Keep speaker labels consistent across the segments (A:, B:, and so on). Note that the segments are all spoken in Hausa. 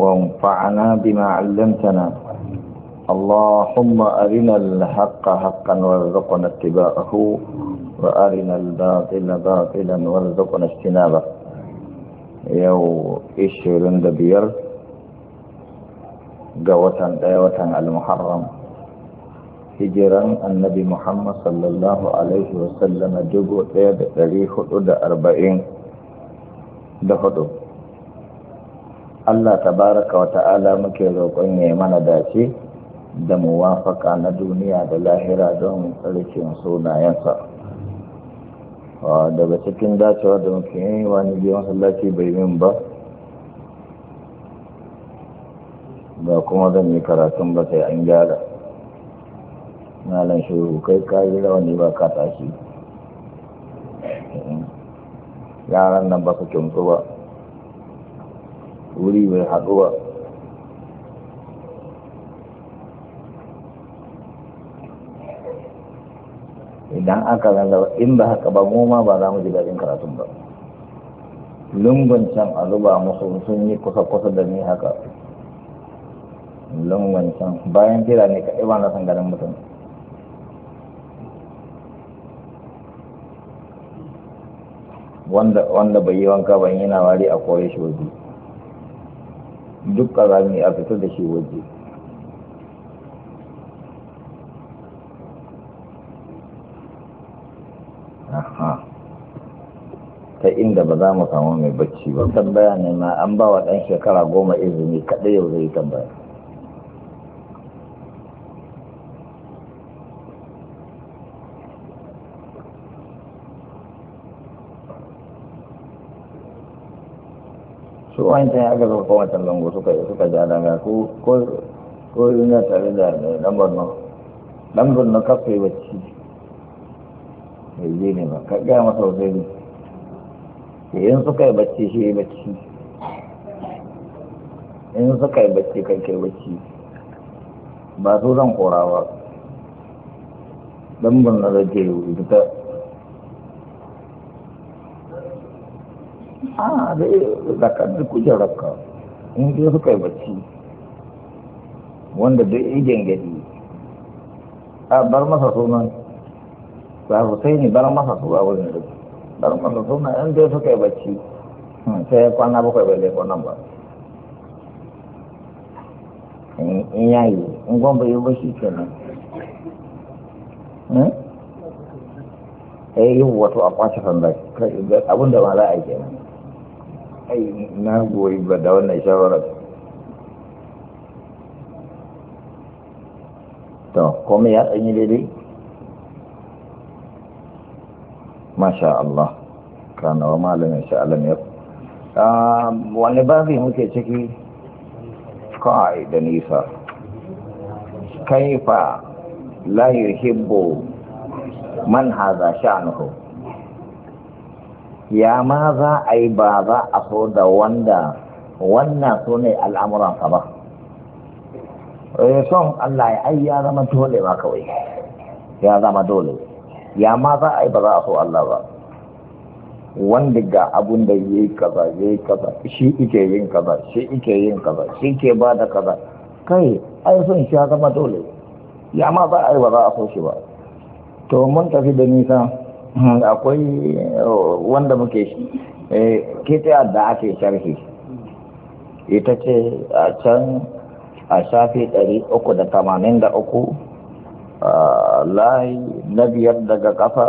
A: وانفعنا بما علمتنا اللهم أرنا الحق حقا وارزقنا اتباعه وأرنا الباطل باطلا وارزقنا اجتنابه يو إشيرن دبير قوة قوة المحرم هجرا النبي محمد صلى الله عليه وسلم جبو تيد تاريخ الأدى أربعين دخلوا Allah ta baraka wa ta'ala muke roƙon ya mana dace da muwafaka na duniya da lahira don tsarkin sunayensa daga cikin dacewa da muke yi wani biyu masallaci bai min ba ba kuma zan yi karatun ba sai an gyara malan shuru kai kayi ne ba ka tashi yaran nan ba su kimtsu ba wuri mai haɗuwa idan aka zanga in ba haka ba mu ma ba za mu ji daɗin karatun ba lungun can a zuba musu sun yi kusa-kusa da ni haka lungun can bayan kira ne kaɗai ba na san ganin mutum wanda bai yi wanka ban yana wari a koyi shi waje duk ƙarami a fito da shi waje ta inda ba za mu samu mai bacci ba tambaya ne ma an ba wa ɗan shekara goma izini kaɗai yau zai tambaya wancan ya gaza kuma wancan lango suka suka ja daga ko ko ko ina tare da dan borno lambar borno kafa yi wacce bai je ne ba kaga masa masa wasai ne yin in suka yi bacci shi yi bacci in suka yi bacci kan kai bacci ba su zan kora ba dan borno da ke rubuta a zai zakar in ji suka yi bacci wanda duk gadi a bar masa sunan su sai ni bar masa su ba bar masa sunan in dai suka yi bacci hmm, sai ya kwana bakwai bai ba in in yi ba shi hmm? eh, yi wato a abinda ma za a yi kenan ai na goyi ba da wannan shawarar to kome ya tsanyi daidai masha Allah kana wa malamin sha'alam ya ah, wani babi muke ciki kai da nisa fa la yuhibbu man haza sha'nuhu ya ma za a yi ba za a so da wanda wannan so ne al'amuransa ba eh, son Allah ya ai ya zama dole ba kawai ya zama dole ya ma za a yi ba za a so Allah ba wanda ga abun da yi kaza yi kaza shi ike yin kaza shi ike yin kaza shi ke ba da kaza kai ai son shi ya zama dole ya ma za a yi ba za a so shi ba to mun tafi da nisa Hmm. akwai eh, wanda muke shi eh, kita da ake sharhi ita ce a can a shafi 383 layi na biyar daga kafa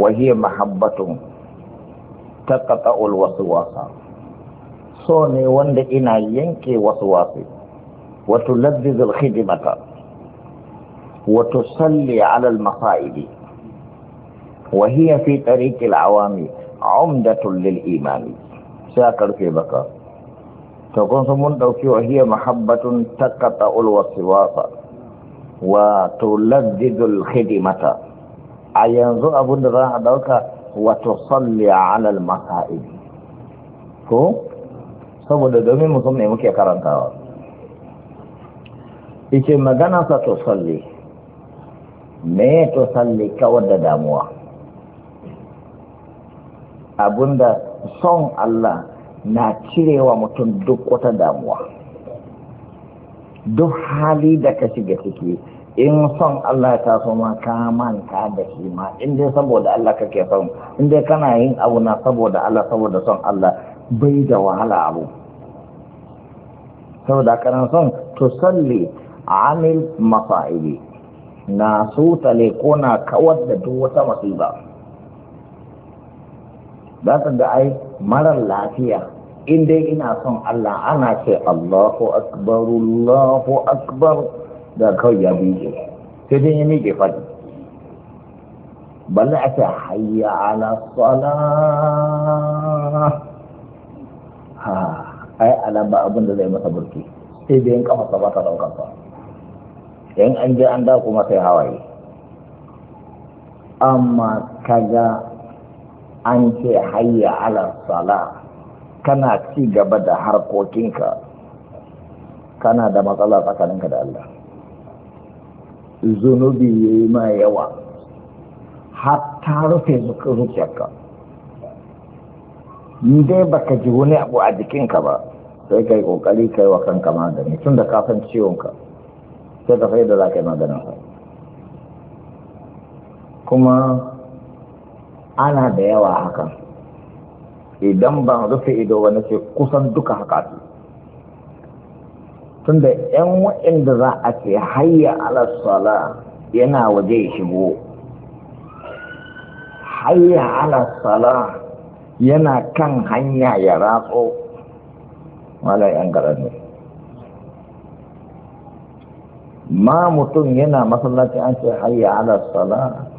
A: wahiyar mahabbatun ta kata'ul wasu wasa so ne wanda ina yanke wasu wasu wato lardizar hidimata wato salli alal mafa'idi وهي في طريق العوام عمدة للإيمان ساكر في بكر تكون سمون دوكي وهي محبة تقطع الوصواط وتلذذ الخدمة أينزو أبو الدراع دوكا وتصلي على المصائب هو saboda domin mutum ne muke karantawa ice magana sa to salli me to salli kawar da damuwa da son Allah na cirewa mutum duk wata damuwa duk hali da ka shiga ciki in son Allah ta so ma ka manta da shi ma in dai saboda Allah kake son in dai kana yin abu na saboda Allah saboda son Allah bai da wahala abu saboda kana son to salli amil mafa'ili na sutale ko na kawar da duk wata masiba za su da ai marar lafiya in dai ina son Allah ana ce Allahu akbar Allahu akbar da kawai ya bije sai dai ya miƙe faɗi balle a ce hayya ala sala ha ai ala ba abin da zai masa burki sai dai in kafa ba ta daukar sa in an je an da kuma sai hawaye amma kaga an ce hayya ala sala kana ci gaba da harkokinka kana da matsala tsakaninka da Allah zunubi ya yi ma yawa hatta rufe zuciyarka in dai baka ji wani abu a jikinka ba sai kai kokari kai wa kanka magani tun da kafin ciwonka sai ka da za ka yi maganin kuma ana da yawa haka idan ba rufe ido wani ce kusan duka haka su tunda yan waɗanda za a ce hayya ala yana waje shigo hayya ala yana kan hanya ya ratso wala yan ne ma mutum yana masallaci an ce hayya ala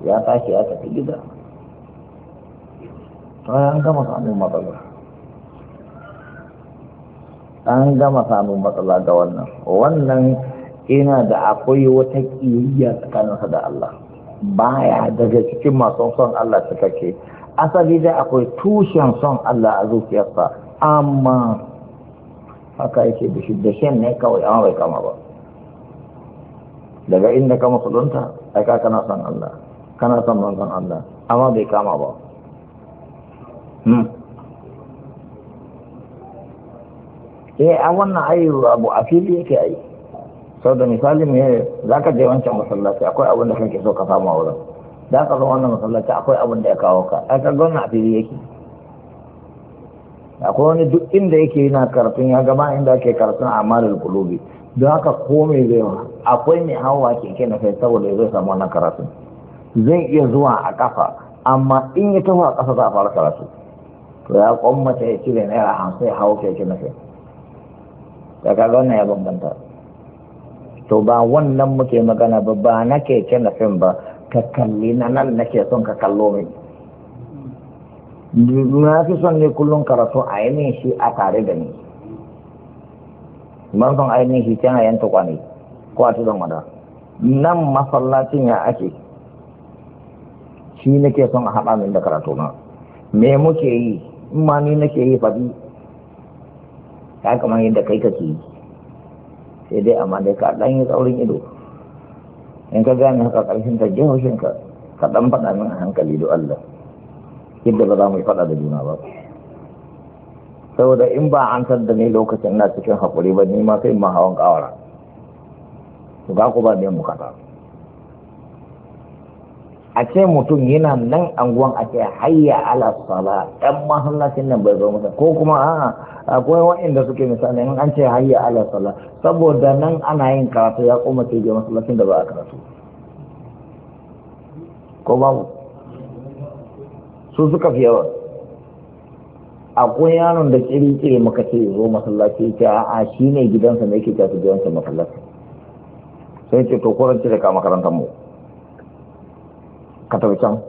A: ya tashi ya tafi gida an gama samun matsala an gama samun matsala ga wannan wannan ina da akwai wata ƙiyayya tsakaninsa da Allah
B: baya daga
A: cikin masu son Allah ta kake asali da akwai tushen son Allah a zuciyarsa amma haka yake da shi da shen ne kawai amma bai kama ba daga inda ka musulunta ai kana son Allah kana son manzon Allah amma bai kama ba Hmm. eh a wannan ayi abu a fili yake ayi sau da misali yi za ka je wancan masallaci akwai abin da kanke so ka samu a wurin za ka zo wannan masallaci akwai abin da ya kawo ka a ka gwamna a fili yake akwai wani duk inda yake yana karatun ya gama inda ake karatun a malar kulubi don haka komai zai wa akwai mai hawa keke na kai saboda zai samu wannan karatun zai iya zuwa a kafa amma in ya taho a kasa za a fara karatu to ya kwammata ya cire naira hamsin ya hau keke na sai da ka wannan ya bambanta to ba wannan muke magana ba ba na keke na fin ba ka kalli na nan nake son ka kallo min na fi son ne kullum karatu a yanin shi a tare da ni man son ainihin shi can a yanta kwanai ko a tudun wada nan masallacin ya ake shi nake son a haɗa min da karatu na me muke yi in ma ni nake yi faɗi ya kamar yadda kai kake yi sai dai amma dai ka ɗan yi tsaurin ido in ka gane haka ƙarshen ta jiya haushin ka ka ɗan faɗa min a hankali do Allah yadda ba za mu yi faɗa da juna ba saboda in ba an san da ni lokacin na cikin haƙuri ba ni ma sai ma hawan ƙawara ku ga ku ba ne mu kaɗa a ce mutum yana nan anguwan a ce hayya ala sala ɗan masallacin nan bai zo masa ko kuma a'a akwai waɗanda suke misali in an ce hayya ala sala saboda nan ana yin karatu ya koma ce je masallacin da ba a karatu ko babu su suka fi yawa akwai yaron da kiri-kiri maka ce zo masallaci ce a'a shine gidansa ne yake su gidansa masallaci sai ce to kuranci da ka makarantar mu ka tafi can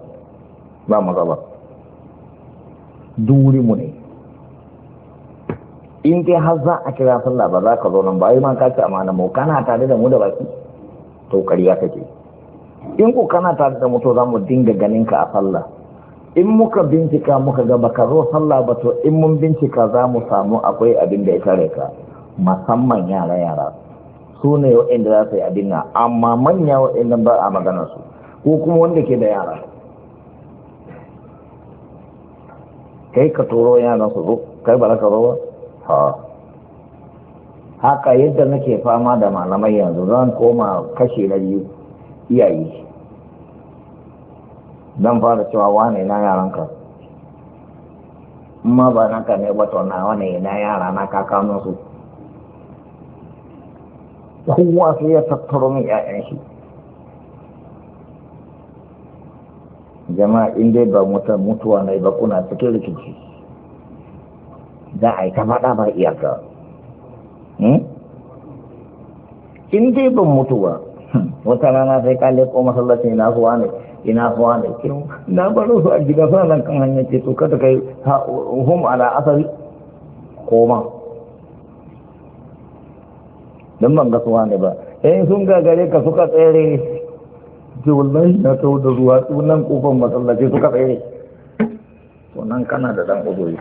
A: ba mu zaba duri mu ne in dai har za a kira sallah ba za ka zo nan ba ai ma ka ci amana mu kana tare da mu da baki to ƙarya kake in ku kana tare da mu to za mu dinga ganin ka a sallah in muka bincika muka ga baka zo sallah ba to in mun bincika za mu samu akwai abin da ya tare ka musamman yara yara su ne waɗanda za su yi abin nan amma manya waɗanda ba a maganarsu. su ko kuma wanda ke da yara kai ka turo yaran su zo kai ba ka zo ha haka yadda nake fama da malamai yanzu zan koma kashe na biyu iyaye zan fara cewa wane na ka ma ba ka ne ba to na wane na yara na kaka su kowa sai ya tattaro min 'ya'yan shi jama'a in dai ba mutan mutuwa na ba kuna cikin rikici za a yi ta faɗa ba iyaka hmm? in dai ban mutuwa hmm, wata rana sai ka ko masallaci ina kuwa ne ina kuwa ne na baro su a gida suna nan kan hanyar ce to kada kai hum ala asari koma don ban ga suwa ne ba eh sun gare ka suka tsere ce wallahi na tawo da ruwa tsunan kofar masallaci suka tsaye to nan kana da dan uzuri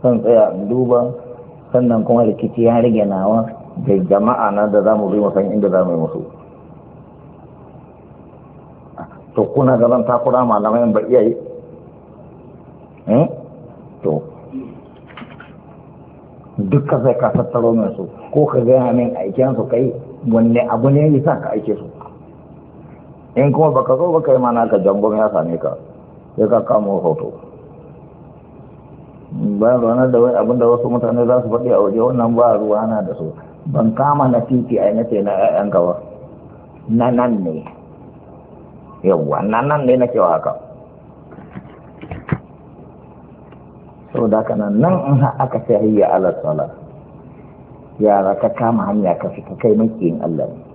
A: san tsaya duba sannan kuma rikici ya rage nawa da jama'a na da za mu bi san inda za mu yi musu to kuna ga zan takura malamai ba iya yi
B: hmm? to
A: dukkan zai ka tattaro mai su ko ka gaya min aikensu kai wanne abu ne ya sa ka aike su in kuma baka zo baka yi mana ka jangon ya same ka sai ka kamo hoto bayan ranar da wai abinda wasu mutane za su faɗi a waje wannan ba ruwa na da su ban kama na titi a na na 'ya'yan ba na nan ne yawwa na nan ne na cewa haka sau da haka nan in aka sai hayya ala sala yara ka kama hanya ka fita kai makiyin allah ne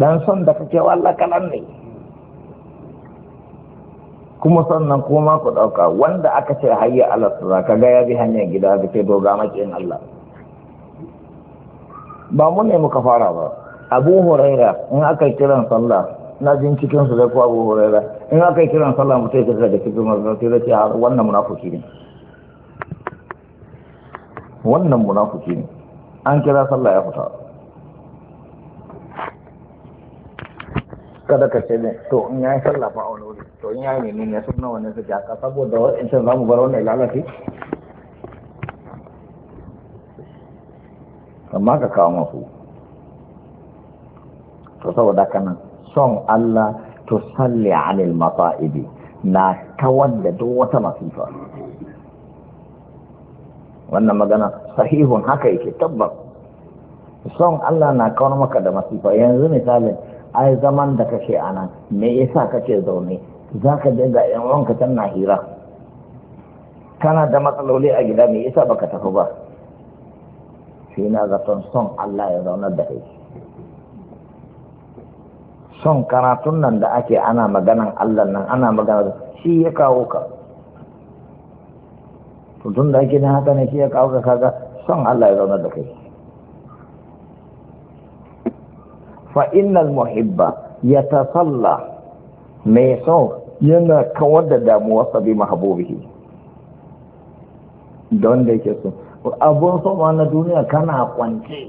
A: dan son da kake walla kalan ne kuma sannan kuma ku ɗauka wanda aka ce hayya alasra ka ga ya bi hanyar gida da ke doga makin Allah ba mu ne muka fara ba abu huraira in aka kiran sallah na jin cikin su da ko abu huraira in aka kiran sallah mutai ka daga cikin masallaci da ce ah, wannan munafiki ne wannan munafiki ne an kira sallah ya fita kada ka ce ne to in yayi sallah fa wani wuri to in yayi menene ne sunna wannan su jaka saboda wa'ancan za mu bar wannan lalace amma ka kawo masu to saboda kana son Allah to salli alil masa'ibi na kawar da duk wata masifa wannan magana sahihun haka yake tabbas son Allah na kawar maka da masifa yanzu misalin ai zaman da kake a nan me yasa kake zaune za ka je ga yan wanka can na hira kana da matsaloli a gida me yasa baka tafi ba sai na zaton son Allah ya zaunar da kai son karatun nan da ake ana maganan Allah nan ana magana shi ya kawo ka tun da ake na haka ne shi ya kawo ka kaga son Allah ya zaunar da kai fa innal muhibba yatasalla mai son yana kawar da damuwarsa bi mahabubihi don da yake so abun so ma na duniya kana kwance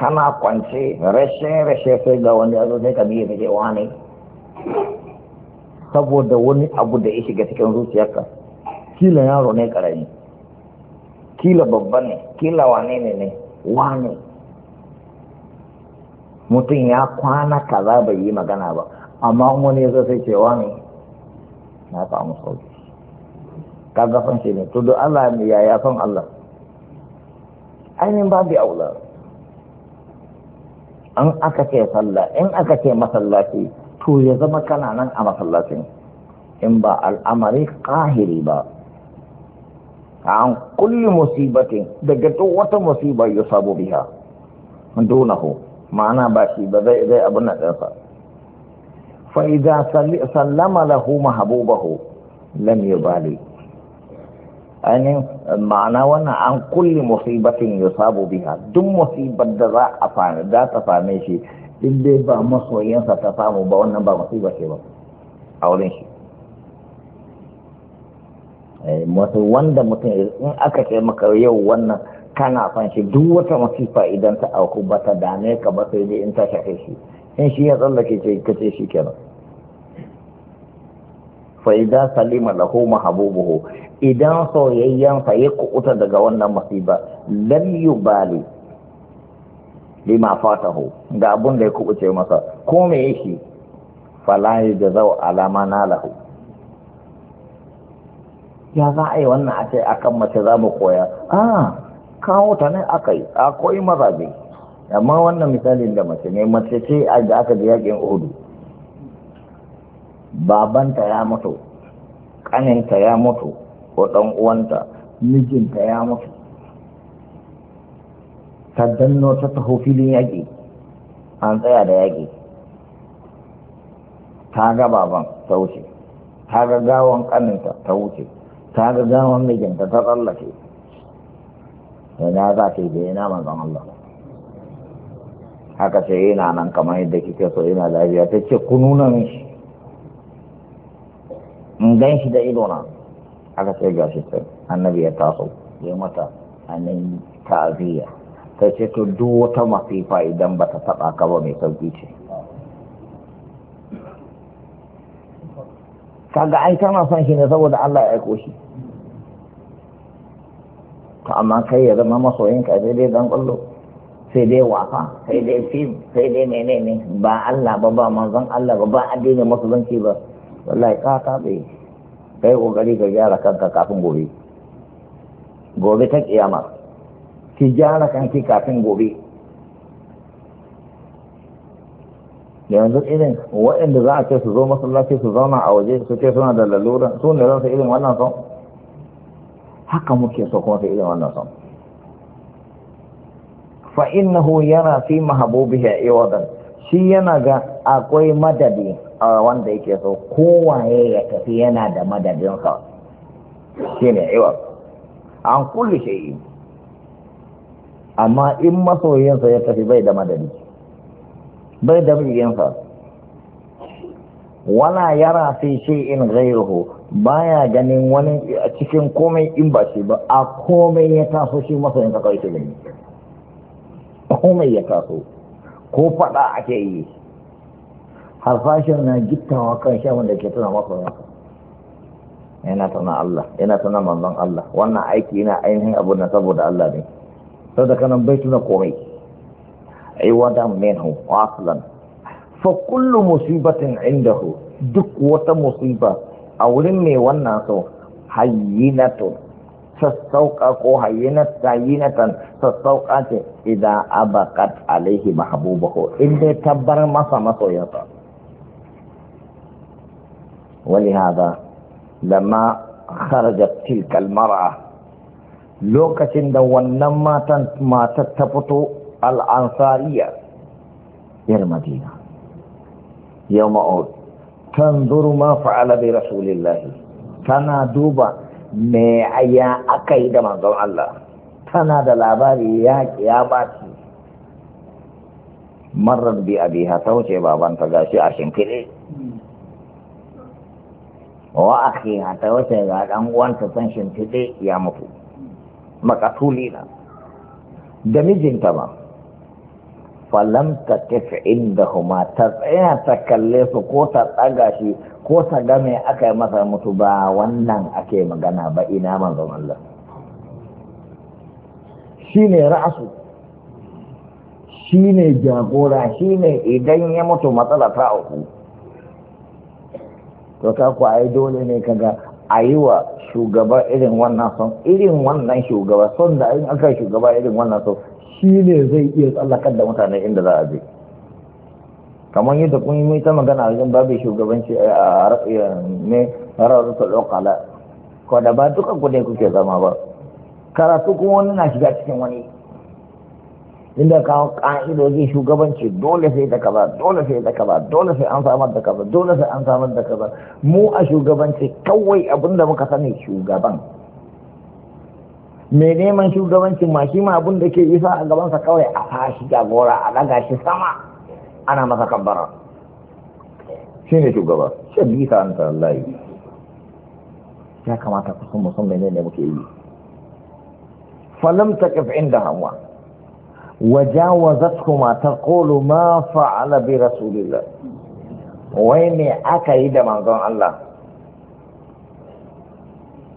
A: kana kwance rashe rashe sai ga wani yazo sai ka biye kake wani saboda wani abu da ya shiga cikin zuciyarka kila yaro ne karami kila babba ne kila wane ne ne wane mutum ya kwana kaza bai yi magana ba amma wani ya sai cewa ne na samu sauki kaga fan shi ne to do Allah ne ya ya san Allah ainihin babu aula an aka ce sallah in aka ce masallaci to ya zama kana nan a masallacin in ba al'amari kahiri ba an kulli musibatin daga duk wata musiba ya sabo biha dunahu ma'ana ba shi ba zai zai abin na ɗansa fa idza sallama lahu mahbubahu lam yubali ainihin ma'ana wannan an kulli musibatin yusabu biha duk musibar da za a fara za ta same shi in dai ba masoyinsa ta samu ba wannan ba musiba ce ba a wurin shi eh, wanda mutum in aka ce maka yau wannan kana son duk wata masifa idan ta auku ba ta dame ka ba sai dai in ta shafe shi in shi ya tsallake ce ka ce shi kenan fa idza salima lahu mahbubuhu idan soyayyan fa ya kuuta daga wannan masifa lam yubali lima fatahu ga abun da ya kubuce masa ko me yake fala yajzau ala ma nalahu ya za a yi wannan a ce akan mace za mu koya ah kawo ta ne aka yi akwai mazaje amma wannan misalin da mace ne mace ce a da aka ji yakin uhudu babanta ya mutu kaninta ya mutu ko dan uwanta mijinta ya mutu ta danno ta taho filin yaƙi an tsaya da yaƙi ta ga baban ta wuce ta ga gawan kaninta ta wuce ta ga gawan mijinta ta tsallake ina za ka yi da yana manzan Allah haka ce yana nan kamar yadda kike so yana lafiya ta ce ku nuna min shi in gan shi da ido na sai ga shi ta annabi ya taso ya mata anan ta'aziyya ta ce to duk wata masifa idan ba ta taba ka ba mai sauki ce kaga ai tana son shi ne saboda Allah ya aiko shi to amma kai ya zama masoyinka sai dai zan kwallo sai dai wafa sai dai fim sai dai menene ba Allah ba ba manzon Allah ba ba addinin musulunci ba wallahi ka ka bai kai kokari ka gyara kanka kafin gobe gobe ta kiyama ki gyara kanki kafin gobe yanzu irin waɗanda za a ce su zo masallaci su zauna a waje su ce suna da lalura su ne za irin wannan son haka muke so kuma sai wannan son fa innahu yana fi mahabubihi iwadan shi yana ga akwai madadi a wanda yake so kowaye ya tafi yana da madadin sa shine iwad an kulli shay'i amma in masoyinsa ya tafi bai da madadi bai da sa wala yara fi shay'in ghayruhu baya ganin wani a cikin komai in ba shi ba a komai ya taso shi masa yin kawai shi gani komai ya taso ko faɗa ake yi harfashin na gittawa kan sha wanda ke tuna masa masa yana tana Allah yana tana manzon Allah wannan aiki yana ainihin abu na saboda Allah ne sau da kanan bai tuna komai aiwada minhu aslan fa kullu musibatin indahu duk wata musiba a wurin mai wannan so hayyinatun sassauka ko hayyinatan sassauka ce idan abakat alaihi mahabubahu in dai tabbar masa masoyinsa ولهذا لما خرجت تلك المرأة لوكتين دو النماتا ما تتفتو الأنصارية المدينة يوم أود tanzuru ma fa'ala bi rasulillahi tana duba me aya aka yi da manzon Allah tana da labari ya ya baci marar bi abiha ta wuce baban ta gashi a shimfiɗe wa akhiha ta wuce ga dan uwanta san shimfiɗe ya mutu makatuli da mijinta ba falam ta tafi inda huma ta tsaya ta kalle su ko ta tsaga shi ko ta game aka yi masa mutu ba wannan ake magana ba ina manzon Allah shi ne ra'asu shi ne jagora shi ne idan ya mutu matsala ta uku to ka ku ai dole ne kaga a shugaba irin wannan son irin wannan shugaba son da in aka shugaba irin wannan son shi ne zai iya tsallakar da mutane inda za a je kamar yadda kun yi ta magana a babu shugabanci eh, a eh, ne ta lokala ko da ba duka ku ne kuke zama ba karatu kuma wani na shiga cikin wani inda kawo ƙa'idojin shugabanci dole sai da kaza dole sai da kaza dole sai an samar da kaza dole sai an samar da kaza mu a shugabanci kawai abinda muka sani shugaban mai neman shugabancin ma shi ma abin da ke isa a gabansa kawai a fashi jagora a daga shi sama ana masa kabbara shi ne shugaba shi bisa an tallahi ya kamata ku san musamman ne muke yi falam taqif inda hawa wajawazatku ma taqulu ma fa'ala bi rasulillah wai me aka yi da manzon Allah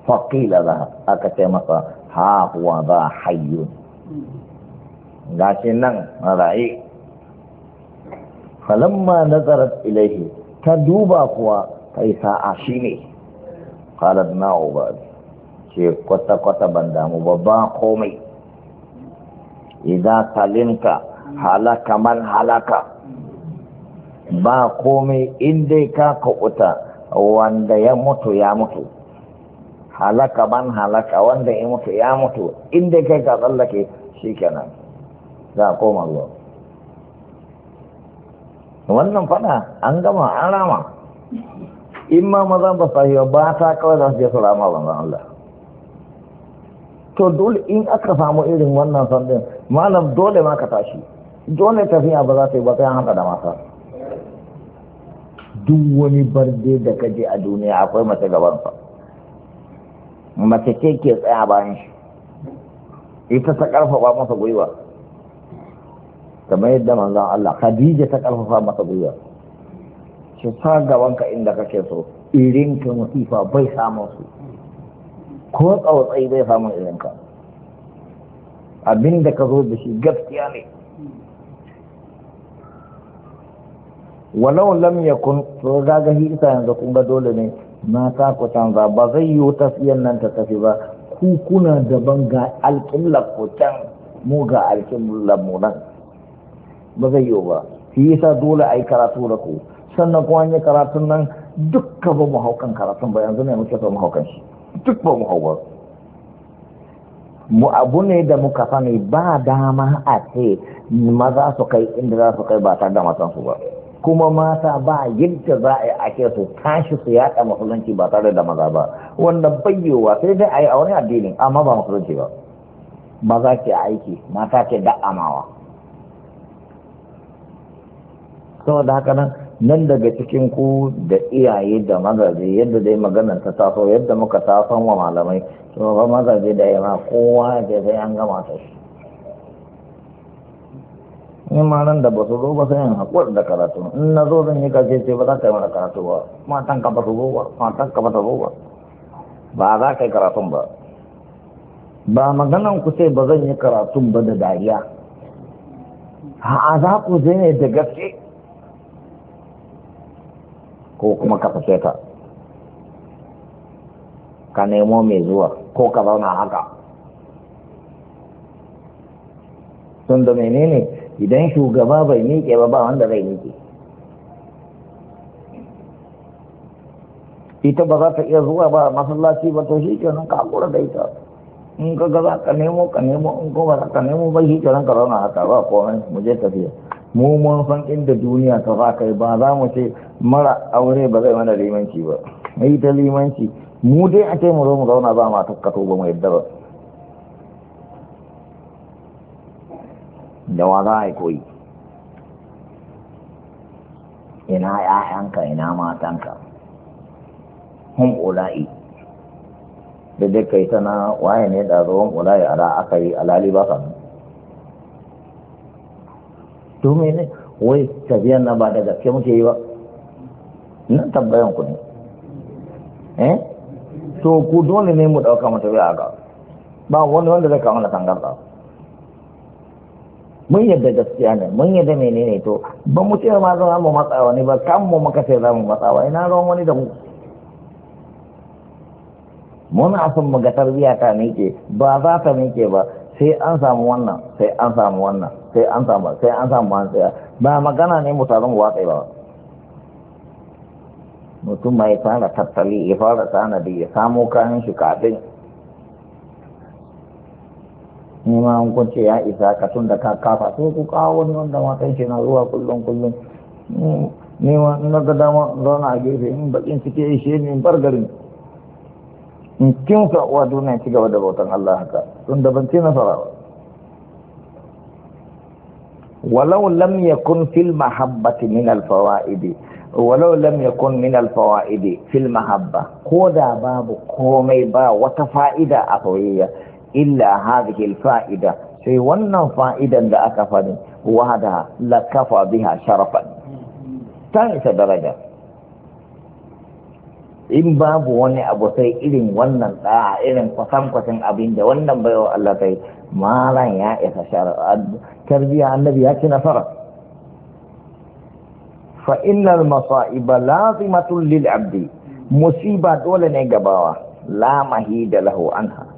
A: faqila laha aka ce masa ha huwa za hayyun gashi nan raye falamma nazarat ilaihi ta duba kuwa kai sa'a shi shine qalat na'ubad ce kwata kwata ban damu ba ba komai idza salimta halaka man halaka ba komai in dai ka kuɓuta wanda ya mutu ya mutu halaka ban halaka wanda ya mutu ya mutu inda kai ka tsallake shi kenan za a koma zuwa wannan fada an gama an rama in ma maza ba sahiwa ba ta kawai za su je su rama banzan Allah to dole in aka samu irin wannan sandin malam dole ma ka tashi dole tafiya ba za ta yi ba sai an hada da masa duk wani barde da kaje a duniya akwai mace gabansa mace ce ke tsaya bayan shi ita ta karfafa masa gwiwa kamar yadda manzon Allah Khadija ta karfafa masa gwiwa shi sa ka inda kake so irin ka musifa bai samu su ko tsautsai bai samu irin ka Abinda ka zo da shi gaskiya ne walau lam yakun to zaga hisa yanzu kun ga dole ne na ku canza ba zai yiwu tafiyan nan ta tafi ba ku kuna daban ga alƙillar ku can mu ga alƙillar mu nan ba zai yi ba shi yasa dole a yi karatu da ku sannan kuma an yi karatun nan dukka ba mu haukan karatun ba yanzu ne muke so mu haukan shi duk ba mu haukan mu abu ne da muka sani ba dama a ce maza su kai inda za su kai ba tare da matansu ba kuma mata ba yadda za a yi ake su tashi su yaƙa musulunci ba tare da maza ba wanda bayyowa sai dai a yi a wani addinin amma ba musulunci ba maza ke aiki mata ke da'amawa saboda haka nan nan daga cikin ku da iyaye da mazaje yadda dai maganar ta taso yadda muka tason wa malamai to ba mazaje da yawa kowa da zai an gama ta in ma nan da ba su zo ba sai in haƙuri da karatu in na zo zan yi kace ce ba za ka yi mana karatu ba matan ka ba su zo ba matan ka ba ta zo ba ba za ka yi karatun ba ba maganan ku ce ba zan yi karatun ba da dariya a za ku je ne da gaske ko kuma ka fashe ta ka nemo mai zuwa ko ka zauna haka tun da menene idan shugaba bai miƙe ba ba wanda zai miƙe ita ba za ta iya zuwa ba masallaci ba to shi nan ka haƙura da ita in ka gaza ka nemo ka nemo in ko ba za ka nemo ba shi nan ka zauna haka ba komai mu je tafiya mu mun san inda duniya ta za kai ba za mu ce mara aure ba zai mana limanci ba mai ta limanci mu dai a ce mu zo mu zauna ba ma tukkato ba mu yadda ba da wa za a yi koyi ina ‘ya'yanka ina matanka hun ula'i da Duk kai tana waye ne da zuwan ula'i ala aka yi alali ba sa domin ne wai tafiyan na ba da gaske muke yi ba nan tabbayan ku ne eh to ku dole ne mu ɗauka mu tafi ga ba wani wanda zai kawo na ba mun yadda gaskiya ne mun yadda menene to ba mu ce ma za mu matsa wani ba kan mu muka ce za mu matsa wani na ruwan wani da mu muna son mu ga tarbiyya ta ke ba za ta ke ba sai an samu wannan sai an samu wannan sai an samu sai an samu an tsaya ba magana ne mu taron watsa ba mutum mai fara tattali ya fara tsanadi ya samo kayan shi kafin ni an kunce ya isa ka tun da ka kafa sai ku kawo wani wanda matan shi na zuwa kullum kullum ni ma ga dama zauna a gefe in bakin cike ishe ni in bar garin in kin sa uwa duniya ci gaba da bautan Allah haka tun da ban nasara ba min لم يكن walau المحبة من min ولو لم fil من ko da babu komai ba wata fa'ida a أطوية illa hadhihi fa'ida sai wannan fa'idan da aka faɗi wahada la kafa biha sharafan ta isa daraja in babu wani abu sai irin wannan ɗaya irin kwasan-kwasan abin da wannan baiwa Allah kai malan ya isa shara'a tarbiyya annabi ya ci nasara fa innal masa'iba lazimatun lil abdi musiba dole ne gabawa la mahida lahu anha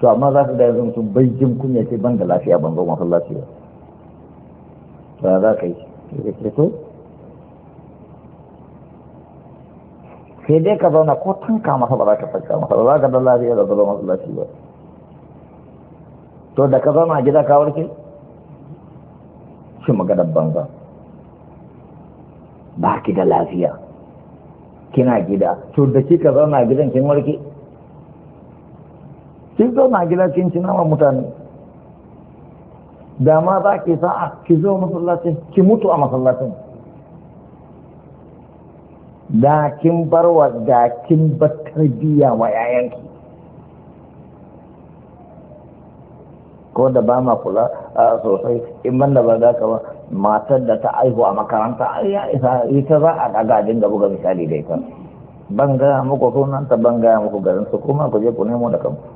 A: to amma za su da yanzu mutum bai jin kunya ce ban da lafiya ban zama masallaci lafiya ba za ka yi ke to sai dai ka zauna ko tanka masa ba za ka farka masa ba za ka dan lafiya da zo masallaci ba to da ka zauna gida ka warke shi maganar banza ba ki da lafiya kina gida to da kika zauna gidan kin warke kin zo na gida kin ci nama mutane da ma za ki sa'a ki zo masallacin ki mutu a masallacin da kin bar wa da kin bar tarbiyya wa yayanki ko da ba ma kula sosai in ban da ba za ka ba matar da ta aihu a makaranta ya isa ita za a daga dinga buga misali da ita ban gaya muku sunanta ban gaya muku garin kuma ku je ku nemo da kanku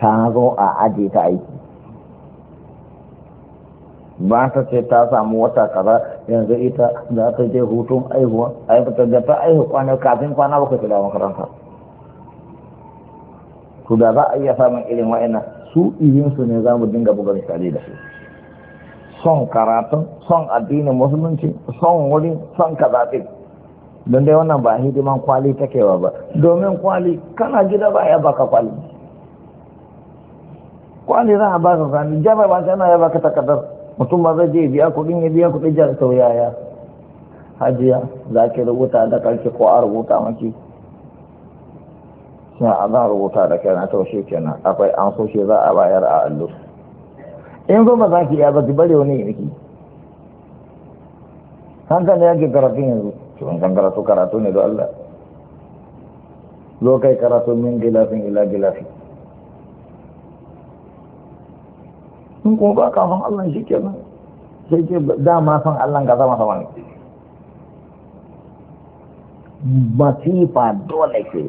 A: ta zo a aje ta aiki ba ta ce ta samu wata kaza yanzu ita za ta je hutun aihuwa aibata da ta aihu kwanar kafin kwana baka ta makaranta to da za a iya samun irin wa'ina su ihinsu ne za mu dinga buga misali da su son karatun son addinin musulunci son wuri son kazaɗe don dai wannan ba hidiman kwali takewa ba domin kwali kana gida ba ya baka kwali kwali za a ba su sami jami'a ba ana ya baka takardar mutum ba zai je biya kuɗin ya biya kuɗin jar sau yaya hajiya za ki rubuta da ƙarshe ko a rubuta maki suna a za a rubuta da kai na taushe kenan akwai an so shi za a bayar a allo in zo ba za ki iya ba ki bare wani yanki hankali ke karatu yanzu cikin kan karatu karatu ne don Allah zo kai karatu min gilafin ila gilafin in kuma ba ka son Allah shi kenan sai ke dama son Allah ka zama sama ne masifa dole ke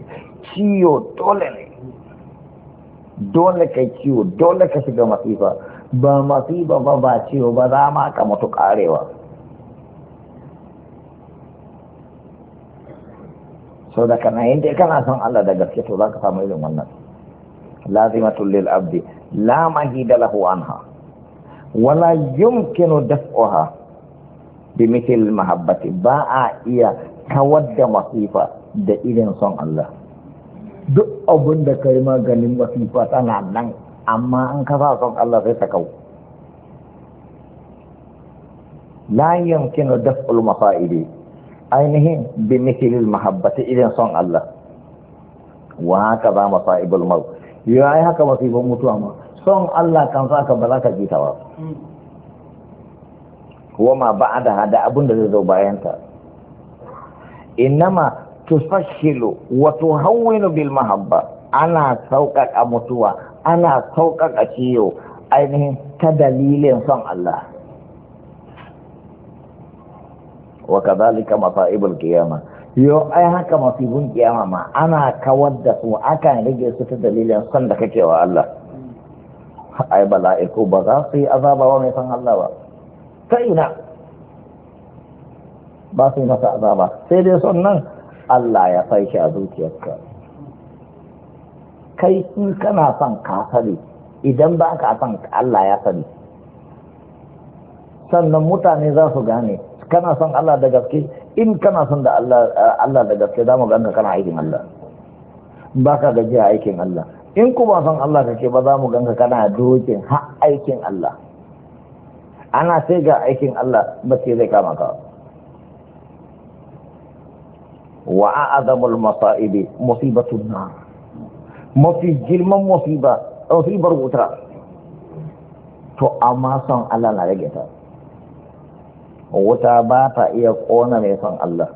A: ciwo dole ne dole ka ciwo dole ka shiga masifa ba masifa ba ba ciwo ba za ma ka mutu karewa sau da kana yin dai kana son Allah da gaske to za ka samu irin wannan lazimatul lil abdi la mahida lahu anha wala yumkinu daf'uha mithl mahabbati ba a iya tawadda masifa da irin son Allah duk abin da kai maganin masifa tana nan amma an kafa son Allah sai ta kau la yumkinu daf'ul mafa'ili ainihin mithl mahabbati irin son Allah wa haka ba masa'ibul maut yayi haka masifan mutuwa ma son Allah kan sa ka ba ka ji ta Kuwa ma ba da hada abin da zai zo bayanta innama tufashilu wa tuhawwinu bil mahabba ana sauƙaƙa mutuwa ana sauƙaƙa ciyo ainihin ta dalilin son Allah wa kadhalika masaibul qiyama yo ai haka masibun qiyama ma ana kawar da su akan rage su ta dalilin son da kake wa Allah ai bala'iku ba za su yi azaba wa mai san Allah ba ta ina ba su yi masa azaba sai dai son nan Allah ya sai shi a zuciyarka kai in kana son ka sani idan ba ka son Allah ya sani sannan mutane za su gane kana son Allah da gaske in kana son da Allah da gaske za mu ganka kana aikin Allah ba ka gajiya aikin Allah in ku ba son Allah kake ba za mu ganka kana dokin ha aikin Allah ana sai ga aikin Allah ba sai zai kama ka wa a'azamul masa'ibi musibatun nar mafi girman musiba musibar wuta to amma son Allah na rage ta wuta ba ta iya kona mai son Allah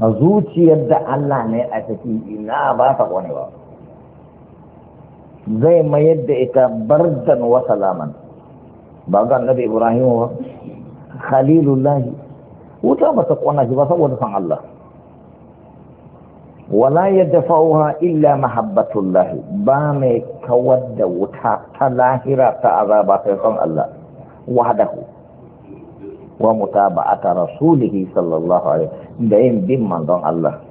A: a zuciyar da Allah ne a ciki ina ba ta kone ba zai mayar da ita bardan wa salaman ba ga annabi ibrahim wa? khalilullahi wuta ba ta kona shi ba saboda san Allah wala yadfa'uha illa mahabbatullahi ba mai kawar da wuta ta lahira ta azaba sai san Allah wahdahu wa mutaba'ata rasulihi sallallahu alaihi da yin bin manzon Allah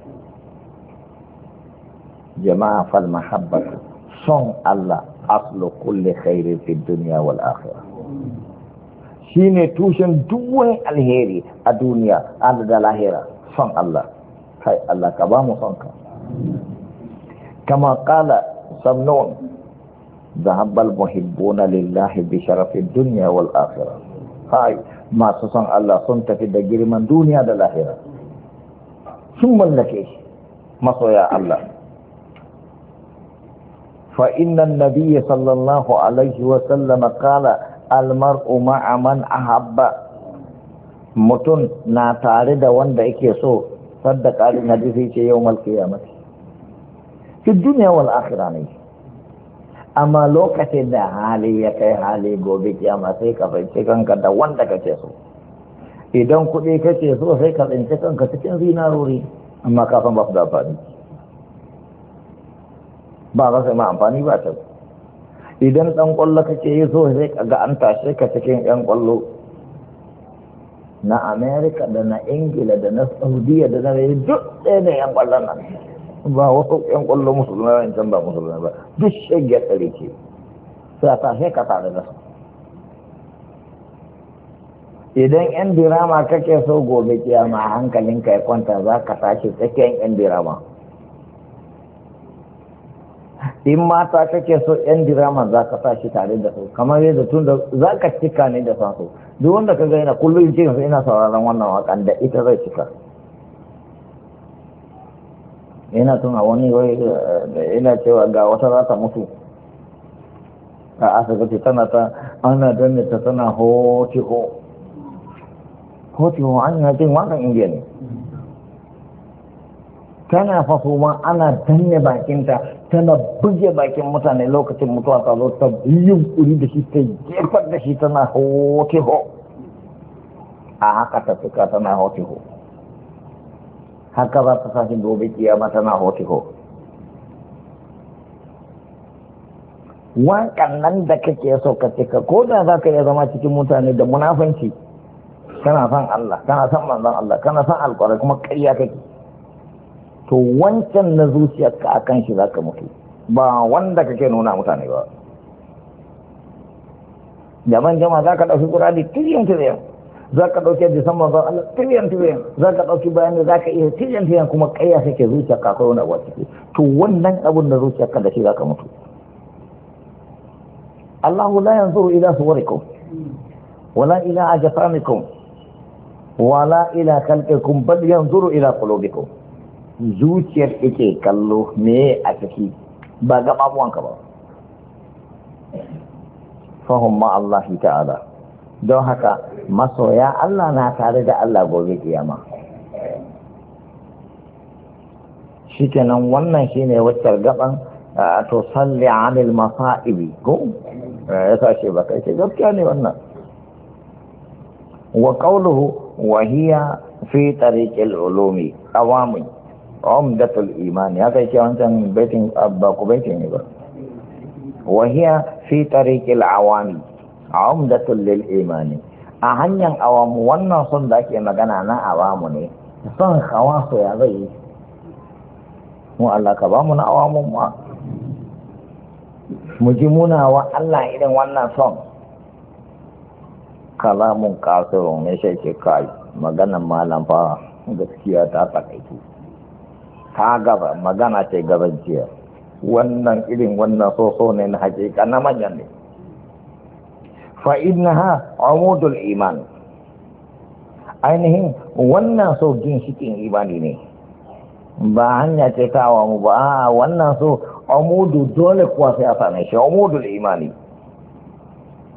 A: jama'a fal mahabbatu son Allah aslo kulle khairi fi duniya wal akhirah shine tushen duk alheri a duniya da da lahira son Allah kai Allah ka ba mu son ka kama kala samnon zahabbal muhibbuna lillahi bi sharafi duniya wal akhirah hai masu son Allah sun tafi da girman duniya da lahira sun mallake shi masoya Allah فإن النبي صلى الله عليه وسلم قال المرء مع من أحب متن ناتارد وند إكيسو صدق على النبي يوم القيامة في الدنيا والآخرة نيه amma lokacin da hali ya kai hali gobe kiyama sai ka tsinci da wanda kake so idan kuɗi kake so sai ka tsinci kanka cikin zinarori amma kafin ba su da ba za su ma amfani ba ta idan ɗan ƙwallo kake yi so sai ka ga an tashe ka cikin ƴan ƙwallo na amerika da na ingila da na saudiya da na rai duk ɗaya da ƴan ƙwallon nan ba wasu ƴan kwallo musulmai ba in can ba musulmai ba duk shege tsare ce. sai a tashe ka tare da su idan yan dirama kake so gobe kiyama hankalinka ya kwanta za ka tashi tsakiyar yan dirama in mata kake so yan dirama za ka sa shi tare da su kamar yadda tun da za ka cika ne da sansu duk wanda ka gaina kullum ce ina sauraron wannan wakan da ita zai cika ina tun a wani wai eh, ina cewa ga wata za ta mutu a asibiti tana ta ana danne ta tana ho hoti ho an yi hajjin wakan indiya ne tana fasoma ana danne bakinta tana buge bakin mutane lokacin mutuwa ta zo ta kuri da shi ta jefar da shi tana hote ho a haka ta suka tana hote ho haka za ta sashi gobe kiyama tana hote ho wankan nan da kake so ka cika ko da za ka iya zama cikin mutane da munafanci kana son Allah kana son manzon Allah kana son alƙwarai kuma ƙarya kake to wancan na zuciyarka a kan shi za ka mutu ba wanda kake nuna mutane ba jaman jama za ka ɗauki ƙurari tiliyan tiliyan za ka ɗauki disamban zan Allah tiliyan tiliyan za ka ɗauki bayani za ka iya tiliyan tiliyan kuma ƙayya sake zuciyarka akwai wani abu a ciki to wannan abun zuciya zuciyarka da shi za ka mutu Allahu la yanzuru ila suwarikum wala ila ajsamikum wala ila khalqikum bal yanzuru ila qulubikum zuciyar ike kallo me a ciki ba gababuwanka ba fahimma Allah ta'ala don haka masoya Allah na tare da Allah gobe kiyama shikenan wannan shine waccar gaban to salli anil masa'ibi ko ya sace ba kai ce gaskiya ne wannan wa qawluhu wa hiya fi tariqil ulumi qawami umdatul imani kai cewa wancan baitin abba ah, ku baitin ne ba wa hiya fi tariqil awami umdatul lil imani a hanyar awamu wannan sun da ake magana na awamu ne son hawasu ya zai yi mu Allah ka ba mu na awamu ma mu ji muna wa Allah irin wannan son kalamun kasirun ne shi ke kai maganan malam fa gaskiya ta takaitu ta gaba magana ce gaban jiya wannan irin wannan soso ne na hakika na manyan ne fa ha amudul iman ainihin wannan so ginshikin imani ne ba hanya ce kawo mu ba wannan so amudu dole kuwa sai a sami shi amudul imani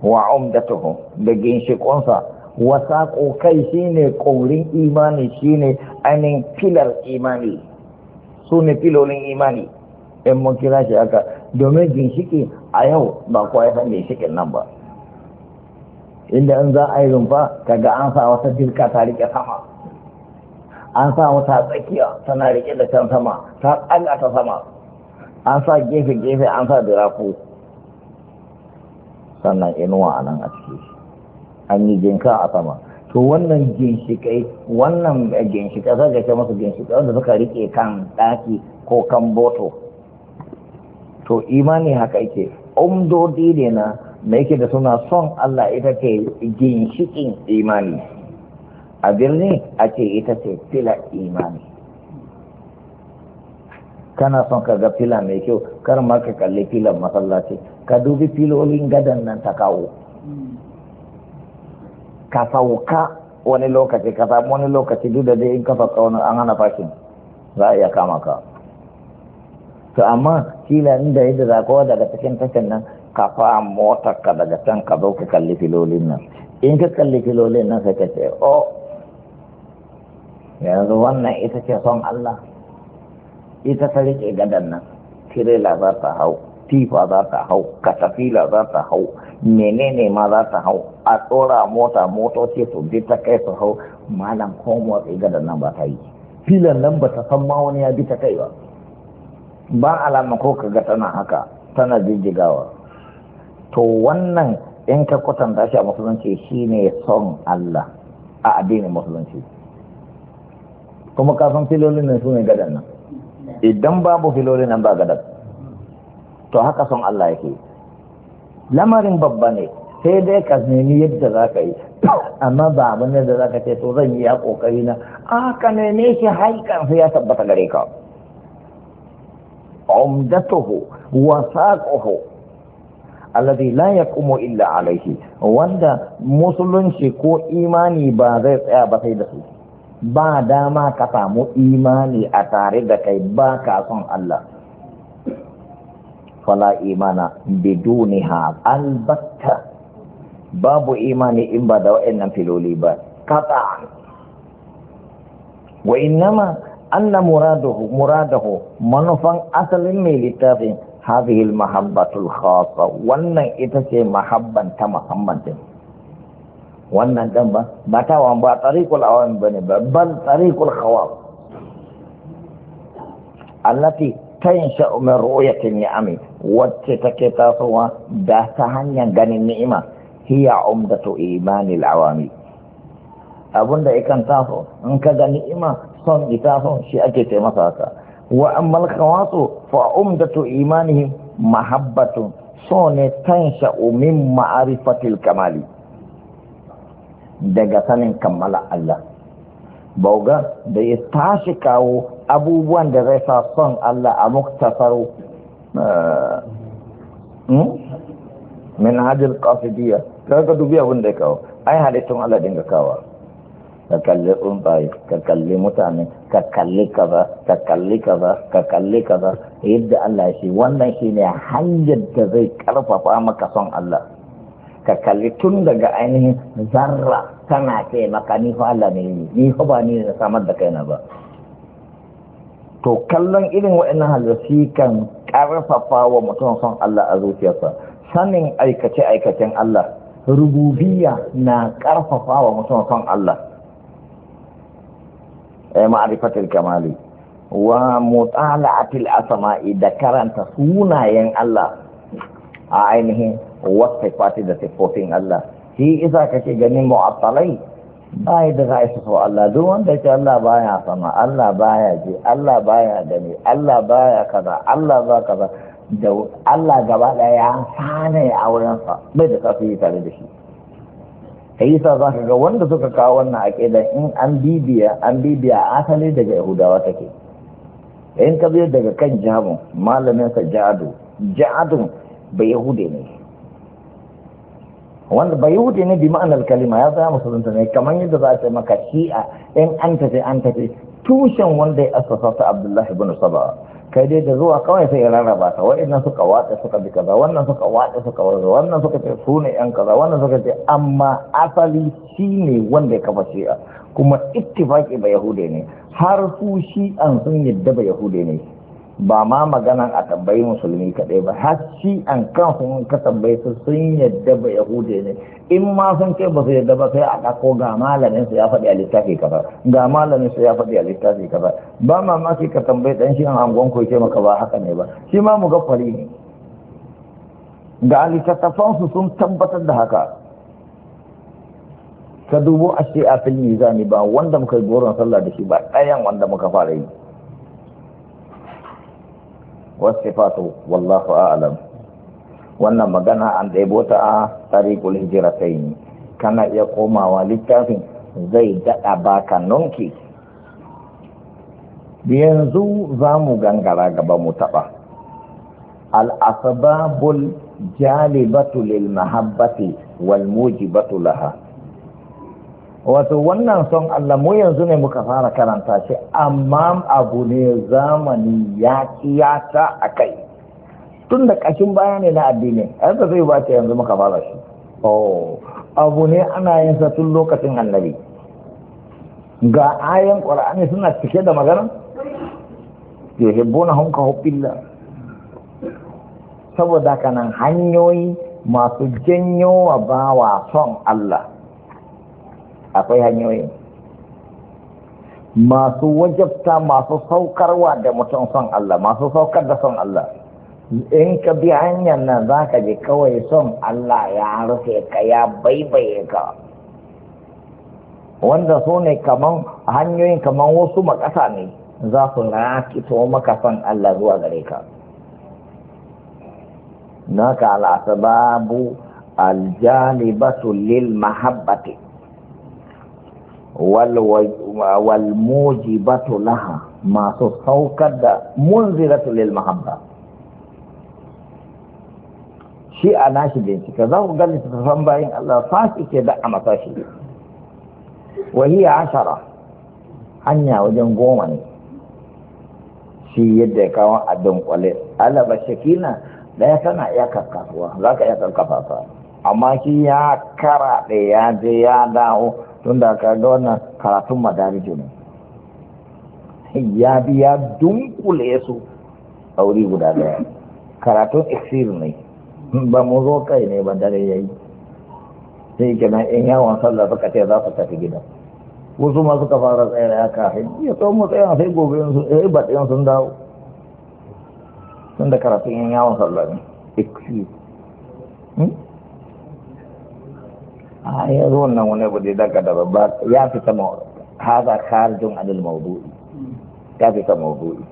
A: wa umdatuhu da shikonsa wasa kokai shine ƙaurin imani shine ainihin filar imani su ne filolin imani in mun kira shi haka domin ginshiki a yau ba kuwa ya san ginshikin nan ba inda in za a yi rumfa kaga an sa wata dirka ta rike sama an sa wata tsakiya tana rike da can sama ta tsaga ta sama an sa gefe-gefe an sa dirafu sannan inuwa a nan a ciki an yi jinka a sama to wannan ginshikai wannan eh, ginshika za ka ce masa ginshika wanda suka rike kan ɗaki ko kan boto to imani haka yake umdodi ne na da yake da suna son Allah ita ce ginshikin imani a birni a ce ita ce fila imani kana son ka ga fila mai kyau kar ma ka kalli filan masallaci ka dubi filolin gadan nan ta kawo ka sauka wani lokaci ka samu wani lokaci duk da dai in ka an hana fashin za a iya kama ka to amma kila inda yadda za kowa daga cikin tashin nan ka fa motar ka daga can ka zo ka kalli filolin nan in ka kalli filolin nan sai ka ce o yanzu wannan ita ce son Allah ita ta rike gadan nan tirela za ta hau tifa za ta hau katafila za ta hau menene ma za ta hau a tsora mota motoci su bi ta kai su hau malam komo ga nan ba ta yi filan nan ba ta san ma wani ya bi ta kai ba ba alama ko kaga tana haka tana jijjigawa to wannan in ka kwatanta shi a musulunci shi ne son Allah a addinin musulunci kuma kafin filolin nan su ne gadan nan idan babu filolin nan ba gadan to haka son Allah yake lamarin babba ne sai dai ka nemi yadda za ka yi amma ba abin da za ka ce to zan yi ya kokari na a ka neme shi haikan sai ya tabbata gare ka umdatuhu wa saquhu alladhi la yaqumu illa alayhi wanda musulunci ko imani ba zai tsaya ba sai da su ba dama ka samu imani a tare da kai ba ka son Allah fala imana بدونها البتة babu imani in ba da wa'annan filoli ba kata wa innama anna muraduhu muraduhu manufan asalin mai littafin هذه المحبة الخاصة وانا اتسي محبا تما محمد وانا دمبا باتا وان با طريق الاوام بني با بل طريق الخواب التي تنشأ من رؤية النعم واتتكتا سوا داتا هنيا غني النعمة hiya umdatu imanil awami abunda yakan taso in ka ga ni'ima son ita son shi ake ce masa haka wa ammal khawasu fa umdatu imanihim mahabbatun so ne tansha min ma'arifatil kamali daga sanin kammala Allah bauga da ya tashi kawo abubuwan da zai sa son Allah a muktasar eh, hmm? min hajjul qafidiyya kaga dubi abin da ya kawo ai halittun Allah dinga kawo ka kalli umbai ka kalli mutane ka kalli kaza ka kalli kaza ka kalli kaza yadda Allah shi wannan shi ne hanyar da zai karfafa maka son Allah ka kalli tun daga ainihin zarra tana ce maka ni fa Allah ne ni fa ba ni samar da kaina ba to kallon irin wa'annan halittu kan karfafa wa mutum son Allah a zuciyarsa sanin aikace-aikacen Allah rububiyya na ƙarfafa wa mutum kan Allah eh, ma'arifatul kamali wa mutala'atil asama'i da karanta sunayen Allah a ainihin wasu fati da siffofin Allah shi isa kake ganin mu'attalai bai da za isa so Allah duk wanda ce Allah baya sama Allah baya ji Allah baya gani Allah baya kaza Allah ba kaza da Allah gaba ɗaya ya sane a wurinsa bai da kafi tare da shi ta yi sa za ka ga wanda suka kawo wannan aƙida in an bibiya an bibiya asali daga yahudawa take in ka biyo daga kan jabin malamin sa ja'adu ja'adun bai yahude ne wanda bai yahude ne bi ma'anar kalima ya zama musulunta ne kamar yadda za a ce maka shi'a in an tafi an tafi tushen wanda ya asasa ta abdullahi bin sabawa kai dai da zuwa kawai sai ya rarraba ta nan suka watsa suka bi kaza wannan suka watsa suka watsa wannan suka ce su yan kaza wannan suka ce amma asali shi ne wanda ya kafa shi'a kuma ittifaki ba yahude ne har su shi an sun yadda ba yahude ne ba ma maganan a tambayi musulmi kaɗai ba har shi an kan sun ka tambayi su sun yadda ba yahude ne in ma sun ce ba su yadda ba sai a ɗako ga malamin su ya faɗi a littafi kaza ga malamin su ya faɗi a littafi kaza ba ma ma ka tambayi ɗan shi an angon ko ce maka ba haka ne ba shi ma mu fari ne ga littattafan su sun tabbatar da haka ka dubo a ce a fil zani ba wanda muka yi goron sallah da shi ba ɗayan wanda muka fara yi wasifatu wallahu a'lam wannan magana an ɗebo ta a tariqul sai kana iya komawa littafin zai daɗa baka nonki yanzu za mu gangara gaba mu taɓa al'asababul jalibatu lil mahabbati wal mujibatu laha wato wannan son Allah mu yanzu ne muka fara karanta shi amma abu ne zamani ya kiyata a kai tun da ƙashin baya ne na addini yadda zai ba yanzu muka fara shi oh, abu ne ana yin sa tun lokacin annabi ga ayan ƙwar'ani suna cike da magana ya hebbo na hunka hubbilla saboda kanan hanyoyi masu janyowa wa bawa son Allah akwai hanyoyi masu wajabta masu saukarwa da mutum son Allah masu saukar da son Allah in ka bi hanyar nan za ka ji kawai son Allah ya rufe ka ya baibaye ka wanda su ne kaman hanyoyin kamar wasu makasa ne za su rakito maka son Allah zuwa gare ka Na naka babu aljalibatu lil mahabbati wal bato laha masu saukar da munziratu lil mahabba shi a nashi bincika za ku gani tafafan bayan Allah fashi ke da a matashi wahiya ashara hanya wajen goma ne shi yadda ya kawo a dunkwale alaba shakina daya tana iya kakkasuwa za ka iya kakkafa amma shi ya karaɗe ya je ya dawo tun da kaga wannan karatun madarijo ne ya bi ya dunkule su wuri guda daya karatun exil ne ba mu zo kai ne ba dare ya yi sai kenan in yawon sallah suka ce za su tafi gida wasu ma suka fara tsaya kafin ya so mu tsaya sai gobe su eh ba sun dawo tun da karatun in yawon sallah ne exil ya zo wannan wani abu da daga da babba ya fita haza kharijun anil mawdu'i ya fita mawdu'i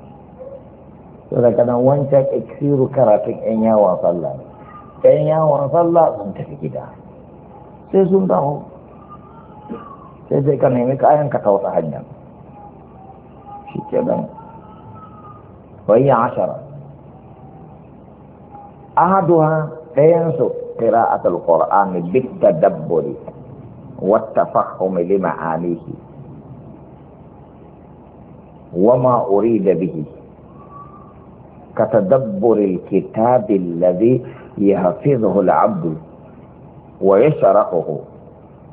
A: to daga nan wancan iksiru karatun yan yawon sallah yan yawon sallah sun tafi gida sai sun dawo sai dai ka nemi kayan ka ta wata hanya shi ke nan bayan ashara ahaduha ɗayansu قراءة القرآن بالتدبر والتفهم لمعانيه وما أريد به كتدبر الكتاب الذي يحفظه العبد ويشرحه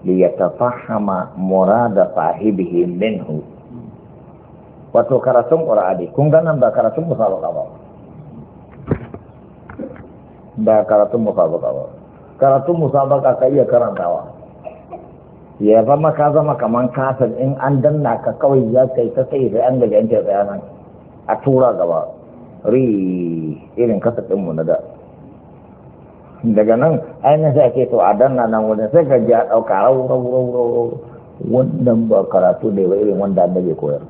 A: ليتفهم مراد صاحبه منه وتكرتم قرآني كن غنم بكرتم مصابقة ba karatun musabaka ba karatun musabaka ka iya karantawa ya zama ka zama kamar kafin in an danna ka kawai za ka yi ta sai da yan daga yanke tsayanan a tura gaba ri irin kasa ɗinmu na da daga nan ainihin sai ake to a danna nan wani sai ka ji a ɗauka rau rau rau rau wannan ba karatu ne ba irin wanda annabi koyar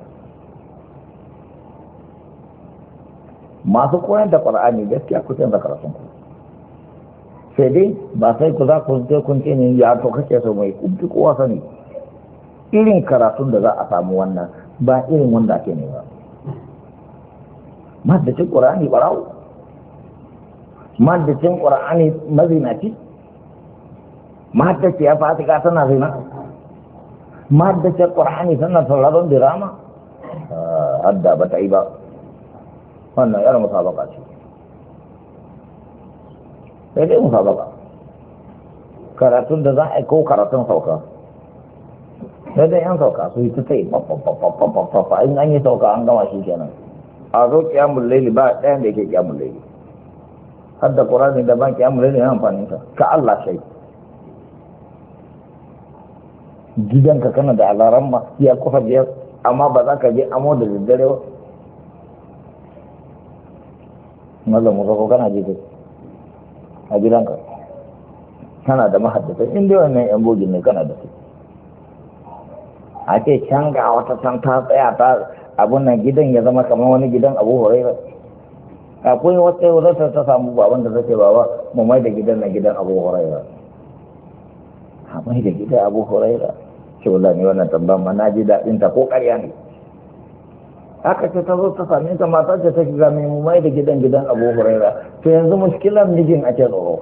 A: masu koyar da ƙwar'ani gaskiya ku canza karatun ku sai dai ba sai ku za ku je kun ce ne ya to kake so mai kun kowa sani irin karatun da za a samu wannan ba irin wanda ake ba maddacin ƙura'ani ɓarawo maddacin ƙura'ani mazinaci maddace ya ka tana zina maddacin ƙura'ani tana sauraron dirama ah, hadda ba ta yi ba wannan yar musabaka ce sai dai musabaka karatun da za a yi ko karatun sauka sai dai yan sauka su yi ta sai fafafafafafa in an yi sauka an gama shi kenan a zo kiyamun laili ba ɗayan da yake kiyamun laili har da ƙurani da ban kiyamun laili yana amfani ka ka Allah shai gidanka kana da alaran masu ya kufa biyar amma ba za ka je amo da daddare ba mazamu zako kana je a gidanka kana da mahaddata inda wannan yan bogin ne kana da su a ce can ga wata can ta tsaya ta abun nan gidan ya zama kamar wani gidan abu huraira akwai wata wurata ta samu wanda da ba ba mu mai da gidan na gidan abu huraira a mai da gidan abu huraira ce wallahi ne wannan tambayar ma na ji daɗin ta ko ƙarya ne aka ce ta zo ta same ta mata ce ta ga mai mai da gidan gidan abu huraira to yanzu muskilan mijin ake tsoro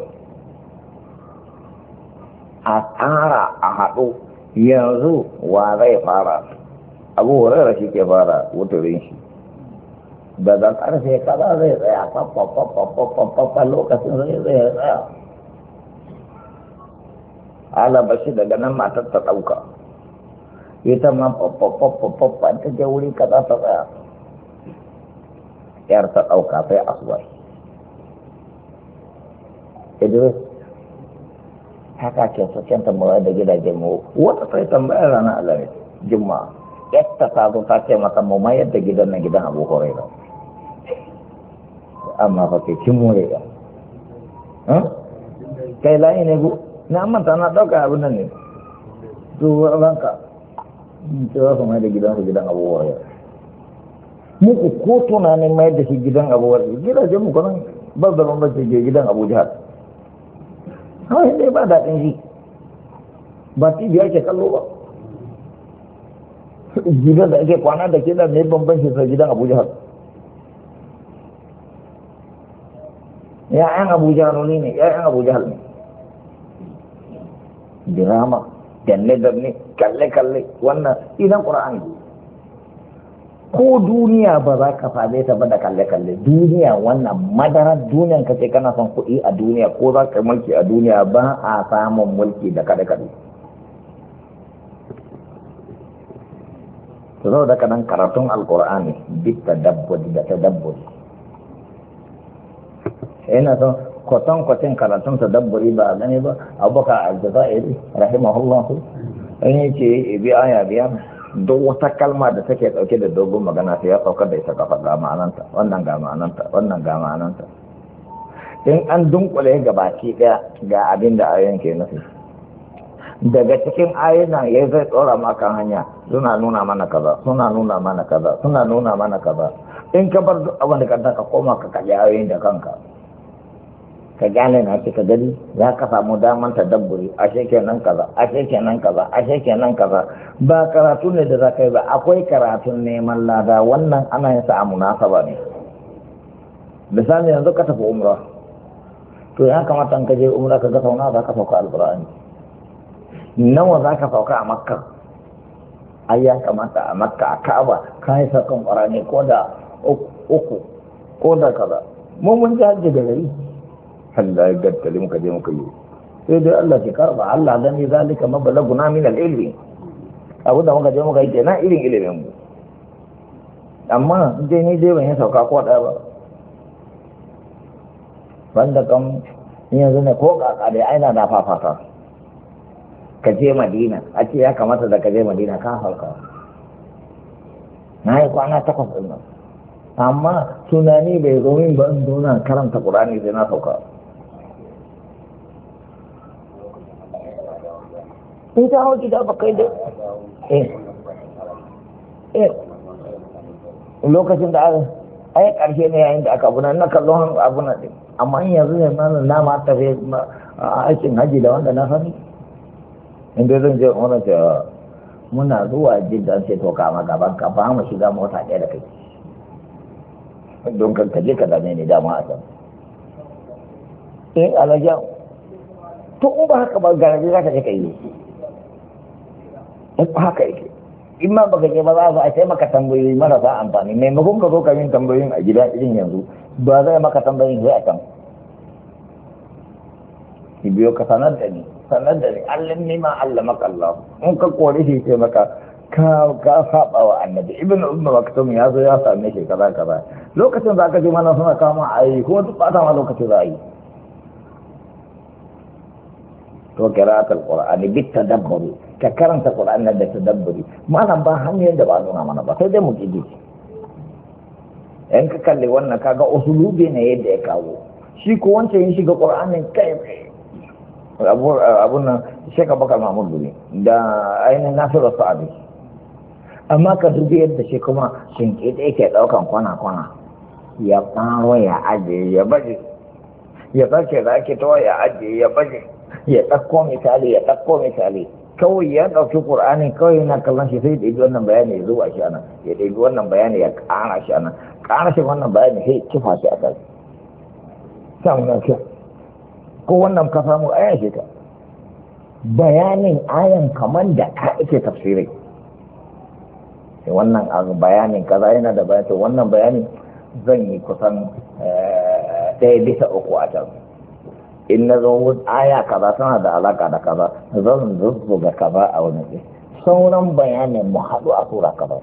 A: a tsara a haɗu yanzu wa zai fara abu huraira shi ke fara wuturin shi da da ƙarfe kaza zai tsaya fafafafafafafa lokacin zai zai tsaya ala bashi daga nan matar ta ɗauka ita ma pop pop je wuri kaza ta tsaya ta ɗauka sai mata abu amma ya kai ne bu ɗauka abin nan sai za su mai da gidansu gidan abubuwa ya muku ko tunanin mai da shi gidan abubuwa su gidajen mu kwanan ba da bambanci ke gidan abu jihar kawai dai ba daɗin shi ba tv ke kallo ba gidan da ake kwana da ke da ne bambanci sa gidan abu jihar ya'yan abu jihar ne ya'yan abu jihar ne dirama danne danne kalle kalle wannan idan qur'ani ko duniya ba za ka ta ba da kalle kalle duniya wannan madarar duniyan ka ce kana son kuɗi a duniya ko za ka mulki a duniya ba a samun mulki da kada kada to da kanan karatun alkur'ani bitta dabbu da tadabbur yana son kwaton kwatin karatun dabbari ba a gani ba abubakar aljazairi rahimahullahu an yi ce e, bi aya biyar duk wata kalma da take dauke da dogon magana sai ya saukar da ita kafa ga ma'ananta wannan ga ma'ananta wannan ga ma'ananta in an dunkule ga baki daya ga abin da ayoyin ke nufi daga cikin ayoyin ya zai tsora maka hanya suna nuna mana kaza suna nuna mana kaza suna nuna mana kaza in ka bar duk abin da ka koma ka kalli ayoyin da kanka ka gane na ce ka gani ya ka samu daman tadabburi ashe kenan kaza ashe kenan kaza ashe kenan kaza ba karatu ne da za ka yi ba akwai karatun neman lada wannan ana yin sa a munasaba ne misali yanzu ka tafi umra to ya kamata in ka je umra ka ga sauna za ka sauka alburani nawa za ka sauka a makka ai ya kamata a makka a ka'aba ka yi saukan ƙwarane ko da uku ko da kaza mu mun ji hajji da gari da ya gaddali muka je muka yi sai dai Allah ke karba Allah gani zalika mabalaguna min al-ilmi abu da muka je muka yi kenan irin ilimin mu amma dai ni dai ban yi sauka ko da ba banda kam ni yanzu ne ko kaka kare aina na fafata ka je madina a ce ya kamata da ka je madina ka halka na yi kwana takwas din nan amma tunani bai zo min ba in karanta ƙurani sai na sauka in ta hau gida ba kai da eh eh lokacin da aka ai karshe ne yayin da aka abuna na kallon abuna din amma in yanzu ne nan na ma ta fi aikin haji da wanda na sani inda zan je wani ce muna zuwa da ce to kama gaban ka ba mu shiga mota ɗaya da kai don kan kaje ka dame ne dama a can eh alajan to in ba haka ba garaje za ka je ka yi duk haka yake in ma baka je ba za a sai maka tambayoyi marasa amfani maimakon ka zo ka yin tambayoyin a gida irin yanzu ba zai maka tambayoyin sai a can ki biyo ka sanar da ni sanar da ni allin ni ma allah makalla. in ka kore shi sai maka ka ka saba wa annabi ibn umma maktum ya zo ya sami shi kaza kaza lokacin za ka je mana suna kama ayi kuma duk ba ta ma lokacin za a yi to qira'atul qur'ani bit tadabburi ka karanta qur'ani da tadabburi malam ba hanyar da ba nuna mana ba sai dai mu kidi in ka kalli wannan kaga usulubi ne yadda ya kawo shi ko wancan yin shiga qur'anin kai abun nan sheka abubakar mahmud duri da ainihin nasiru sa'adu amma ka dubi yadda shi kuma shinke da yake daukan kwana-kwana ya faro ya ajiye ya baje ya sake da ake tawa ya ajiye ya baje ya ɗauko misali ya ɗauko misali kawai ya ɗauki ƙur'ani kawai yana kallon shi sai ya ɗaibi wannan bayani ya zuwa shi anan ya ɗaibi wannan bayani ya ƙara shi anan ƙara shi wannan bayani sai kifa shi a kai samun lafiya ko wannan ka samu aya shi ta bayanin ayan kamar da ka ake tafsirai wannan bayanin kaza yana da bayanin wannan bayanin zan yi kusan eh, ɗaya bisa uku a can in na zo wani aya kaza tana da alaka da kaza zan ga kaza a wani ke sauran bayanin mu haɗu a tura kaza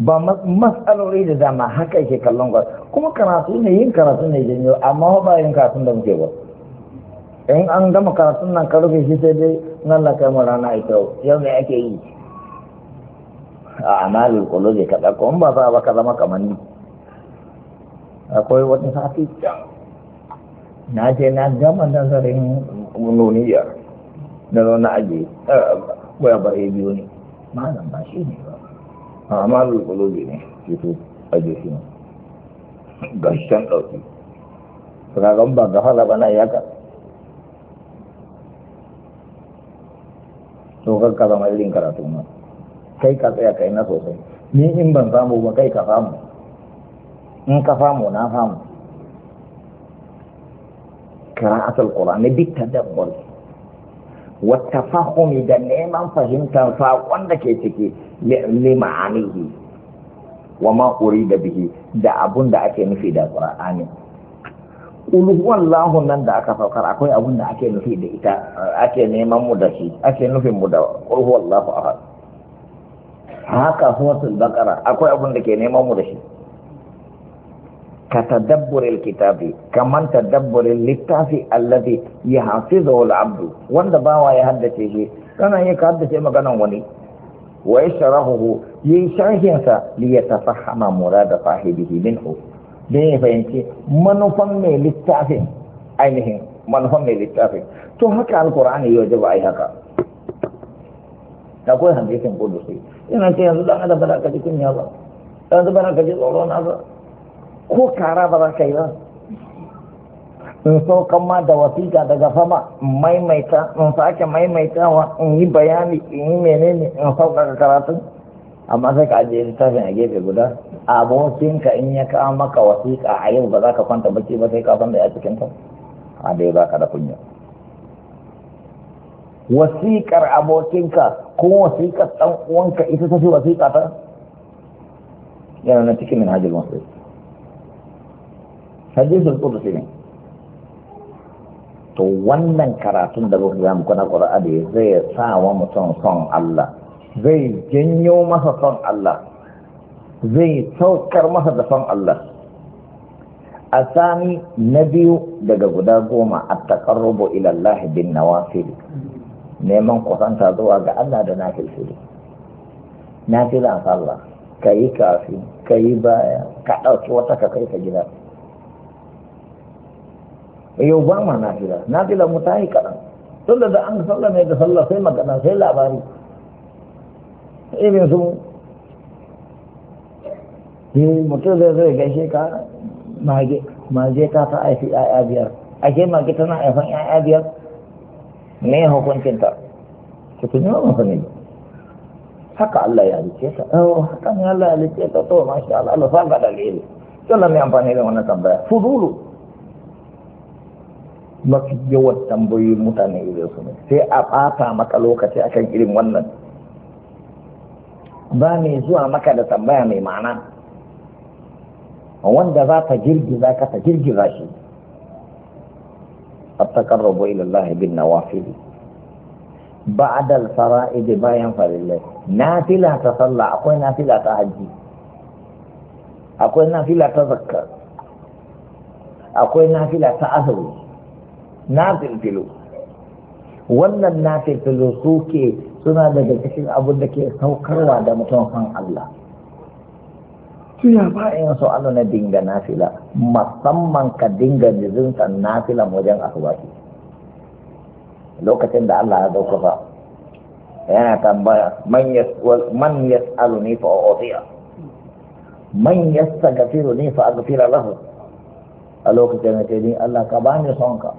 A: ba matsaloli da dama haka ke kallon gwa kuma karatu ne yin karatu ne janyo amma ba yin karatun da muke ba in an gama karatun nan karfe shi sai dai nan kai mu rana ita yau me ake yi a amalul qulubi kada ko ba za ba ka zama kamar ni akwai wani sati na je na gama nazarin nuniya na zo na aje eh, waya ba bari biyu ne malam ba shi ne ba a malu kulobi ne fito aji shi ne ga shi can ɗauki sakamakon ba ga hala bana ya ka to ka zama irin karatu ma kai ka tsaya kai na sosai ni in ban samu ba kai ka samu in ka famu na famu qira'atul qur'an ne bit tadabbur wa tafahum da neman fahimtar saƙon da ke ciki li ma'anihi wa ma urida bihi da abunda ake nufi da qur'ani qul huwallahu nan da aka saukar akwai abunda ake nufi da ita ake neman mu da shi ake nufin mu da qul huwallahu ahad haka suratul baqara akwai abun da ke neman mu da shi كتدبر الكتاب كمن تدبر الكتاب الذي يحفظه wa وان باوا يحدثه ya يحدثه مغانا ya tafahama يشرحه ليتفهم مراد صاحبه منه ya fahimci manufan mai littafin ainihin manufan mai littafin to haka alkur'ani yau ba a yi haka akwai hadisin kudusi yana ce yanzu dan adam ba za kunya ba za ka tsoro na ba ko kara ba za ka yi ba in saukan ma da wasiƙa daga sama in maimaita in sake maimaitawa in yi bayani in yi menene in sauƙaƙa karatun amma sai ka ajiye littafin a gefe guda abokinka in ya kawo maka wasiƙa a yau ba za ka kwanta bacci ba sai ka san da ya cikin ta a dai za ka da kunya wasiƙar abokinka ko wasiƙar ɗan uwanka ita ta fi wasiƙa ta yana na cikin min hajjil musulmi hadisul qudsi ne to wannan karatun da ruhu ya muku na Qur'ani zai sa wa mutum son Allah zai janyo masa son Allah zai saukar masa da son Allah a sami na biyu daga guda goma a taƙarrubo ilallahi bin nawafil neman kusanta zuwa ga Allah da nafil an sallah ka yi kafi ka yi baya ka ɗauki wata ka kai ka gida yau ba ma nafila nafila mu ta yi kaɗan tun da an sallah mai da sallah sai magana sai labari irin su mutum zai zai gaishe ka mage mage ka ta haifi ya'ya biyar ake mage tana haifan ya'ya biyar me hukuncin ta ki kun yi wa sani haka Allah ya halice ta oh haka ne Allah ya halice ta to masha Allah Allah sa ga dalili sallah mai amfani da wannan tambaya fudulu mafi yawan tambayoyin mutane irin su ne sai a ɓata maka lokaci akan irin wannan ba mai zuwa maka da tambaya mai ma'ana wanda za ta girgiza ka ta girgiza shi التقرب إلى الله بالنوافل بعد الفرائض باين فلله نافلة تصلى أقوى نافلة تهجي أقوى نافلة تذكر أقوى نافلة تأذوي na filfilo wannan na filfilo su ke suna daga cikin abin da ke saukarwa da mutum kan Allah suna bayan su Allah na dinga nafila musamman ka dinga jizinsa nafila wajen asubaki lokacin da Allah ya daukaka yana tambaya man yas'alu ne fa ofiya man tsagafiro ne fa agafira lahu a lokacin da ce ni Allah ka bani son ka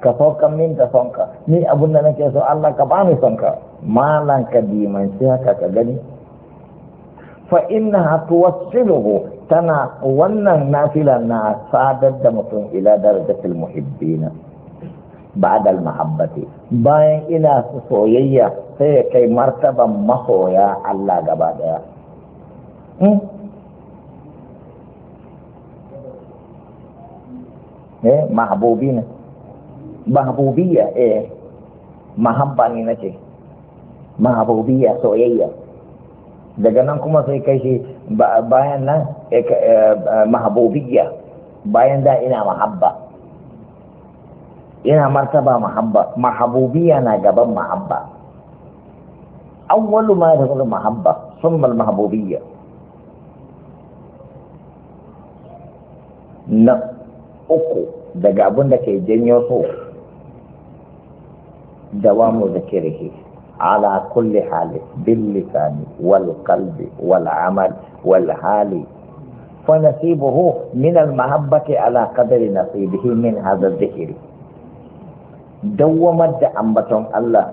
A: ka saukan min ta sonka ni abin da nake so Allah ka bani sonka malan ka dimanci haka ka gani fa innaha tuwassiluhu tana wannan nafila na sadar da mutum ila darajatul muhibbina ba'da al-mahabbati bayan ina soyayya sai ya kai martaban mahoya Allah gaba daya hmm? eh ne mahabubiyya eh mahabba ne nace mahabubiyya soyayya daga nan kuma sai kai shi bayan nan eh, eh, mahabubiyya bayan da ina mahabba ina martaba mahabba mahabubiyya na gaban mahabba awwalu ma da mahabba summa mahabubiyya na uku daga abin da ke janyo so دوام ذكره على كل حال باللسان والقلب والعمل والحال فنصيبه من المحبة على قدر نصيبه من هذا الذكر دوامت da ambaton Allah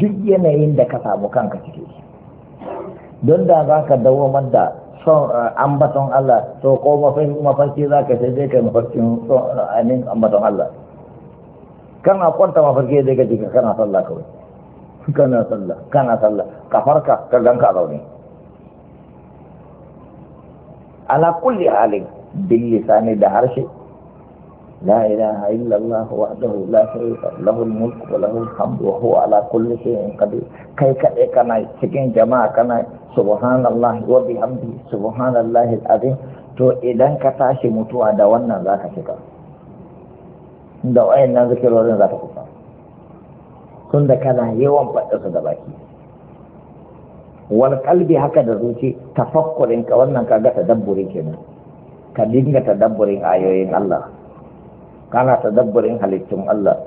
A: duk yanayin da ka samu kanka ciki don da za ka dawamar da son ambaton Allah to ko za ka sai ambaton Allah kana kwanta mafarki da gaji ka kana sallah kawai kana sallah kana sallah ka farka ka ganka a zaune ala kulli halin bil lisani da harshe la ilaha illallah wahdahu la sharika lahu al-mulku wa lahu al-hamdu wa huwa ala kulli shay'in qadir kai kadai kana cikin jama'a kana subhanallahi wa bihamdihi subhanallahi al-azim to idan ka tashi mutuwa da wannan zaka shiga da wayan nan zikirorin za ta kusa tun da kana yawan faɗinsa da baki wal kalbi haka da zuci tafakkurin ka wannan kaga tadabburi kenan ka dinga tadabburin ayoyin Allah kana tadabburin halittun Allah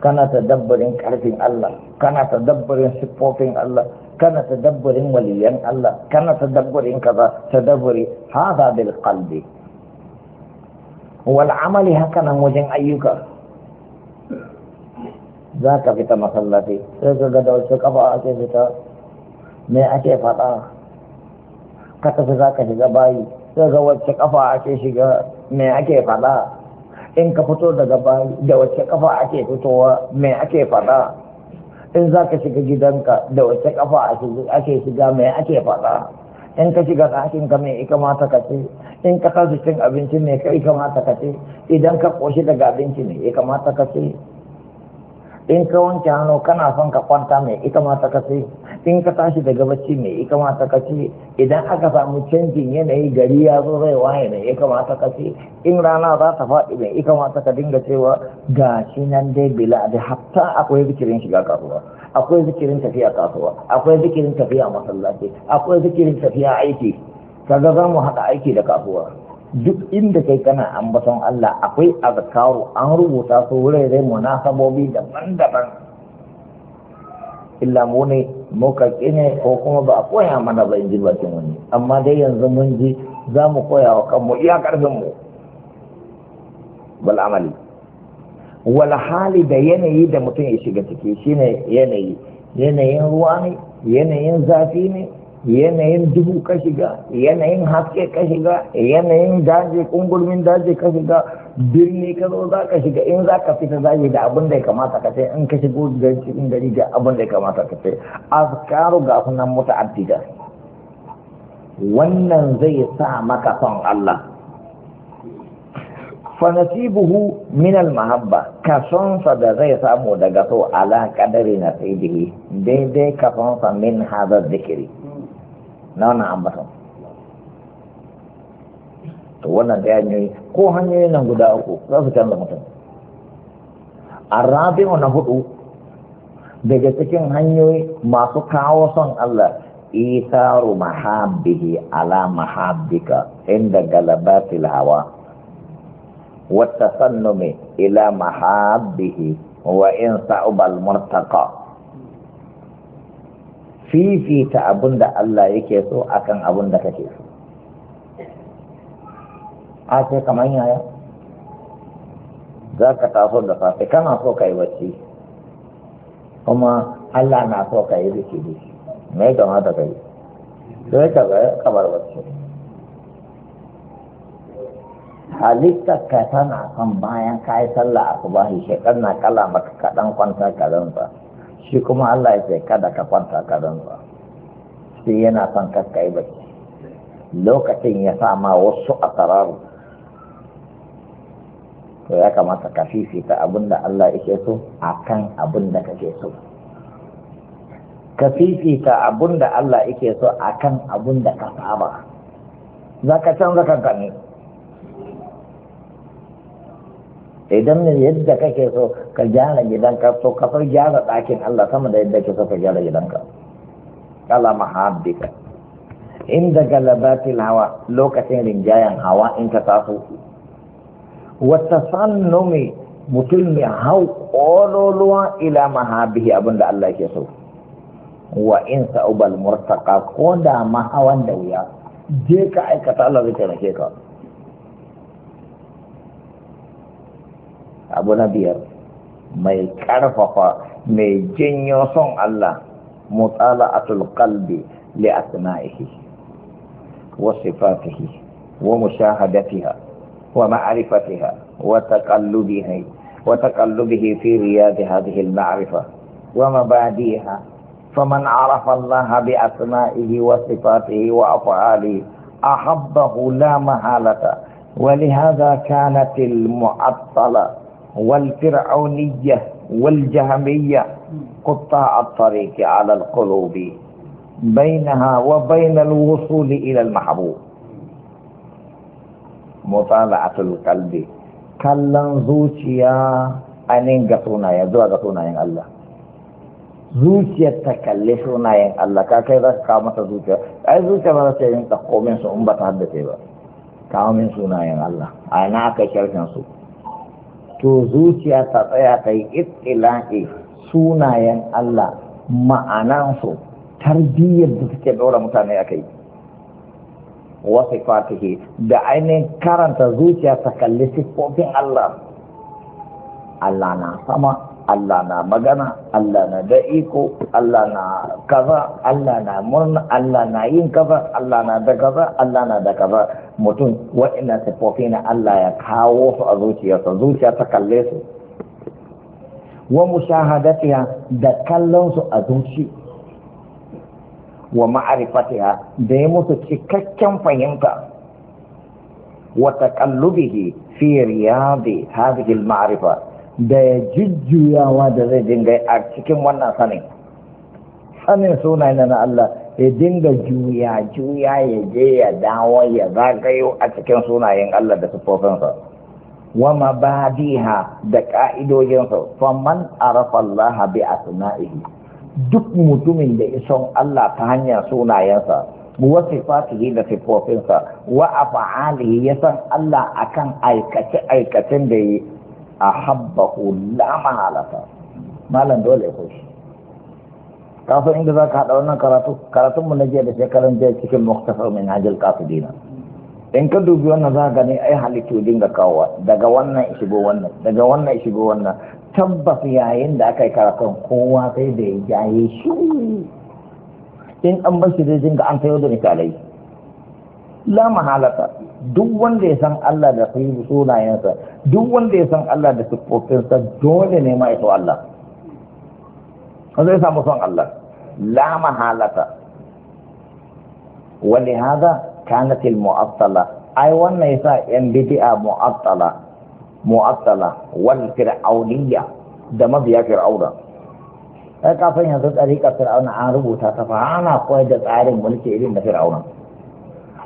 A: kana tadabburin karfin Allah kana tadabburin siffofin Allah kana tadabburin waliyan Allah kana tadabburin kaza tadabburi hada bil qalbi wal amali haka nan wajen ayyuka za ka fita masallaci sai ka ga da wasu kafa ake fita me ake faɗa ka tafi za ka shiga bayi sai ga wacce kafa ake shiga me ake faɗa in ka fito daga bayi da wacce kafa ake fitowa me ake faɗa in za ka shiga gidanka da wacce kafa ake shiga me ake faɗa in ka shiga ɗakin ka mai ika mata ka ce in ka tashi cin abinci Mai ka ika mata ka ce idan ka koshi daga abinci ne ika mata ka ce in ka wanke hannu kana son ka kwanta mai ita ma takasai? in ka tashi daga bacci mai ita ma takasai? idan aka samu canjin yanayi gari ya zo zai waye mai ita ma takasai? in rana za ta faɗi mai ita ma ta ka dinga cewa ga shi nan dai bila da hatta akwai zikirin shiga kasuwa akwai zikirin tafiya kasuwa akwai zikirin tafiya masallaci akwai zikirin tafiya aiki kaga za mu haɗa aiki da kasuwa duk inda kai kana ambaton Allah akwai azkaru an rubuta su wurare munasabobi daban-daban illa mu ne muka ne ko kuma ba a koya mana ba in ji wani amma dai yanzu mun ji za mu koya wa kanmu iya karfin mu wal hali da yanayi da mutum ya shiga ciki shine yanayi yanayin ruwa ne yanayin zafi ne yanayin duhu ka shiga yanayin haske ka shiga yanayin daji kungulmin daji ka shiga birni ka zo za ka shiga in za ka fita za da abin da ya kamata ka sai in ka shigo cikin gari ga abin da ya kamata ka sai azkaru ga sunan muta'addida wannan zai sa maka son Allah fa nasibuhu min al mahabba ka son sa da zai samu daga so ala qadari nasibihi daidai ka son sa min hadha dhikri na wannan to wannan da hanyoyi ko hanyoyi nan guda uku za su canza mutum a rabi'u na hudu daga cikin hanyoyi masu kawo son Allah isaru mahabbihi ala mahabbika inda galabatil hawa wata sannumi ila mahabbihi wa in sa'ubal murtaqa fifita abin da Allah yake so akan abin da kake so a ce kamar yaya za ka taso da safe kana so ka yi wacce kuma Allah na so ka yi zikiri me ya kamata ka yi sai ka zai kamar wacce halitta ka tana son bayan ka yi sallah a kubahi shekar na kala maka kaɗan kwanta ka zanta shi kuma Allah ya sai kada ka kwanta ka sai yana son kaskai yi lokacin ya sa ma wasu tsararru to ya kamata ka fifita abin da Allah yake so akan abin da kake so ka fifita abin da Allah yake so akan abin da ka saba za ka canza kankanin idan ne yadda kake so ka gyara gidanka so ka far gyara ɗakin Allah sama da yadda kake so ka gyara gidanka kala mahabbika inda galabatil hawa lokacin rinjayen hawa in ta taso wata sannumi mutum ya hau ƙololuwa ila mahabbihi abinda Allah ke so wa in sa'ubal murtaka ko da mahawan da wuya je ka aikata Allah zai taimake ka abu na biyar mai karfafa mai jinyo son Allah mutsala atul qalbi li asma'ihi wa sifatihi wa mushahadatiha wa ma'rifatiha wa taqallubihi wa taqallubihi fi riyad hadhihi al-ma'rifa wa mabadiha فمن عرف الله بأسمائه وصفاته وأفعاله أحبه لا محالة ولهذا كانت المعطلة والفرعونية والجهمية قطاع الطريق على القلوب بينها وبين الوصول إلى المحبوب مطالعة القلب kallon zuciya ainihin ga sunayen zuwa ga Allah zuciyar ta kalli sunayen Allah ka kai za ka kawo mata zuciya ai zuciya ba ta yi yin ɗauko min su in ba ta ba kawo min sunayen Allah a na aka yi su to zuciya ta tsaya ta yi ittila'i sunayen Allah ma'anansu tarbiyyar da suke ɗora mutane a kai wasu fatihi da ainihin karanta zuciya ta kalli siffofin Allah Allah na sama Allah na magana Allah na da iko Allah na kaza Allah na murna Allah na yin kaza Allah na da kaza Allah na da kaza mutum wa'ina sifofi na Allah ya kawo su a zuciyarsa zuciya ta kalle su wa mushahadatiha da kallon su a zuci wa ma'arifatiha da ya musu cikakken fahimta wa taqallubihi fi riyadi hadhihi al-ma'rifa da ya jujjuyawa da zai dinga a cikin wannan sanin sanin sunayen na Allah ya dinga juya juya ya je ya dawo ya zagayo a cikin sunayen Allah da siffofinsa wa biya da ka'idojinsa a arafa Allah bi asma'ihi duk mutumin da ison Allah ta hanyar sunayensa wa sifatihi da sifofinsa wa afa'alihi ya san Allah akan aikace aikacen da yi ahabbahu lama mahalata malam dole ya koshi kafin inda za ka haɗa wannan karatu karatun mu na jiya da shekarun jiya cikin muktasar min hajjal kafidina in ka dubi wannan za gani ai halittu dinga kawowa daga wannan shigo wannan daga wannan shigo wannan tabbas yayin da aka yi karatun kowa sai da ya jaye shi in an bar shi zai dinga an sayo da misalai la mahalata duk wanda ya san Allah da sai sunayensa duk wanda ya san Allah da siffofinsa dole ne ma ya Allah zai samu son Allah la mahalata wani haza kanatil mu'attala ai wannan yasa yan bidi'a mu'attala mu'attala wal fir'auniyya da mabiya fir'auna sai kafin yanzu ɗariƙar fir'auna an rubuta ta fa ana koyar da tsarin mulki irin da fir'auna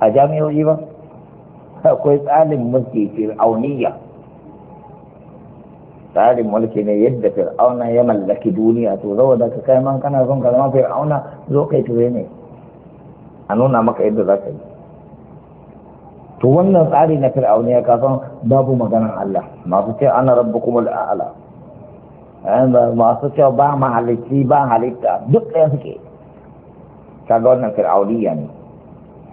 A: a jami'o'i ba akwai tsarin mulki fir'auniya tsarin mulki ne yadda fir'auna ya mallaki duniya to zawo da ka kai man kana son ka zama fir'auna zo kai ture ne a nuna maka yadda za ka yi to wannan tsari na fir'auniya ka san babu maganar Allah masu ce ana rabbukumul a'la masu cewa ba mahalicci ba halitta duk ɗaya suke ga wannan fir'auniya ne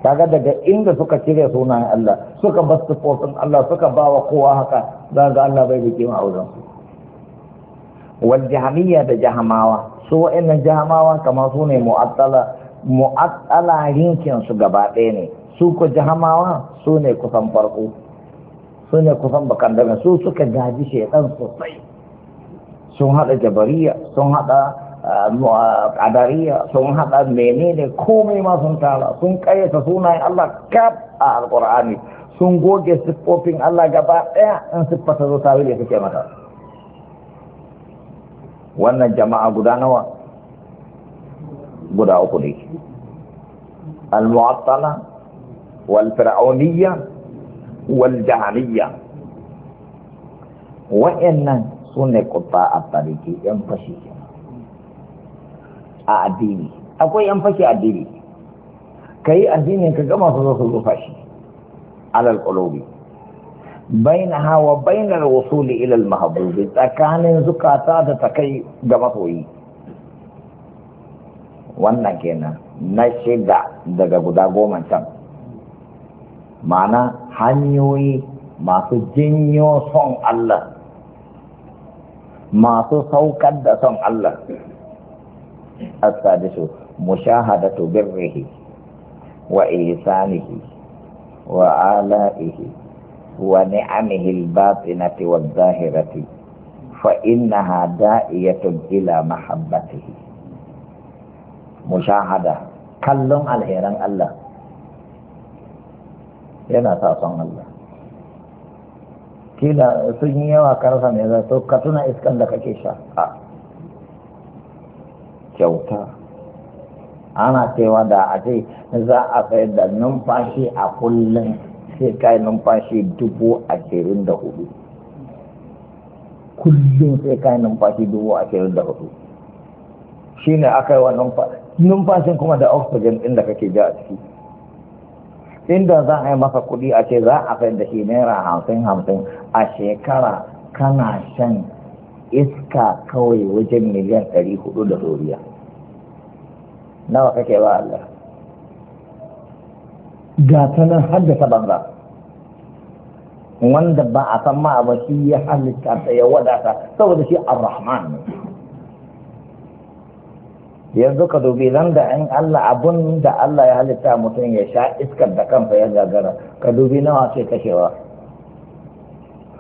A: kaga daga inda suka cire sunayen Allah suka bar sifofin Allah suka ba wa kowa haka za ga Allah bai da kima auren su wal jahamiyya da jahamawa su wa'annan jahamawa kamar su ne mu'attala mu'attala rinkin su gaba ɗaya ne su ko jahamawa su ne kusan farko su ne kusan bakan daga su suka gaji shedan sosai sun hada jabariya sun hada kadariya sun haɗa menene komai ma sun tara sun ƙayyata sunayen Allah kaf a alƙur'ani sun goge siffofin Allah gaba ɗaya in siffata zo ta ya suke mata wannan jama'a guda nawa guda uku ne al-mu'attala wal fir'auniyya wal jahaniyya wa'annan sune qutta at-tariqi yan fashi a addini akwai yan fashe addini ka yi addinin ka gama su zo su rufa shi alal qulubi bainaha wa bainar wusuli ila al-mahbubi tsakanin zukata da ta kai ga masoyi wannan kenan na shiga daga guda goma can mana hanyoyi masu jinyo son Allah masu saukar da son Allah السادس مشاهدة بره وإحسانه وآلائه ونعمه الباطنة والظاهرة فإنها دائية إلى محبته مشاهدة كلهم الهيران الله yana sa son Allah kila sun yi yawa karsa ne za to ka tuna iskan da kake sha a kyauta ana cewa da a ce za a sai da numfashi a kullum sai kai numfashi dubu ashirin da hudu
B: kullum sai
A: kai numfashi dubu ashirin da hudu shi ne aka yi wa numfashin kuma da oxygen ɗin da kake ja a ciki inda za a yi masa kuɗi a ce za a sai da shi naira hamsin hamsin a shekara kana shan iska kawai wajen miliyan ɗari hudu da doriya nawa kake ba Allah ga ta nan haddasa banza wanda ba a san ma ba shi ya halitta ta ya wadata saboda shi ar-rahman yanzu ka dubi nan da in Allah abun da Allah ya halitta mutum ya sha iskar da kanfa ya gagara ka dubi nawa sai kashewa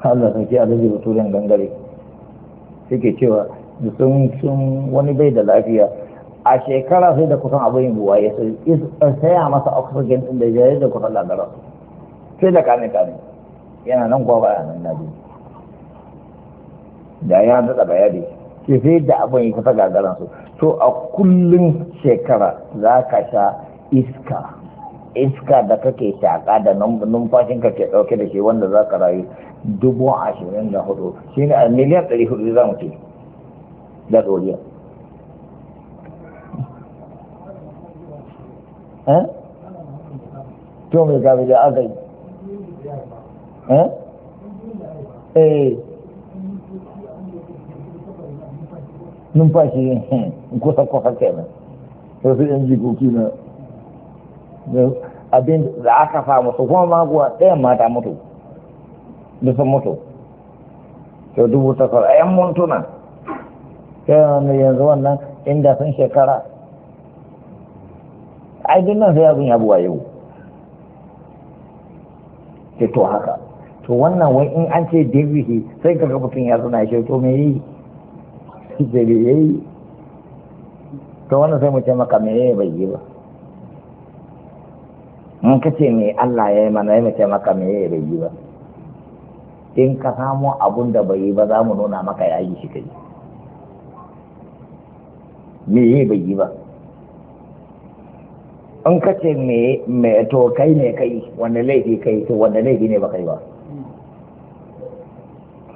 A: Allah sarki a rage baturen gangare suke cewa da sun wani bai da lafiya a shekara sai da kusan abin buwa ya saya masa oxygen din da ya da kusan ladarar sai da kame kame yana nan kwa baya nan na biyu da ya daɗa bayani ke sai da abin ya kusa gagaran su to a kullum shekara za ka sha iska iska da kake shaƙa da numfashin ka ke ɗauke da shi wanda za ka rayu dubu ashirin da hudu shi ne a miliyan ɗari hudu za mu ce da ɗoriya to mai gabi da aga yi eh numfashi kusa kusa kenan na abin da aka samu su kuma maguwa ɗayan mata mutu da sun mutu sau dubu takwas a yan yanzu inda sun shekara ai duk nan sai abin ya buwa yau ke to haka to wannan wai in an ce dirbihi sai kaga mutum ya suna shi to me yi da yi to wannan sai mu ce maka me yi bai yi ba in ka ce me Allah ya yi mana ya ce maka me yi bai yi ba in ka samu abun da bai yi ba za mu nuna maka ya yi shi kai me yi bai yi ba in ka ce me to kai ne kai wanda laifi kai to wanda laifi ne ba kai ba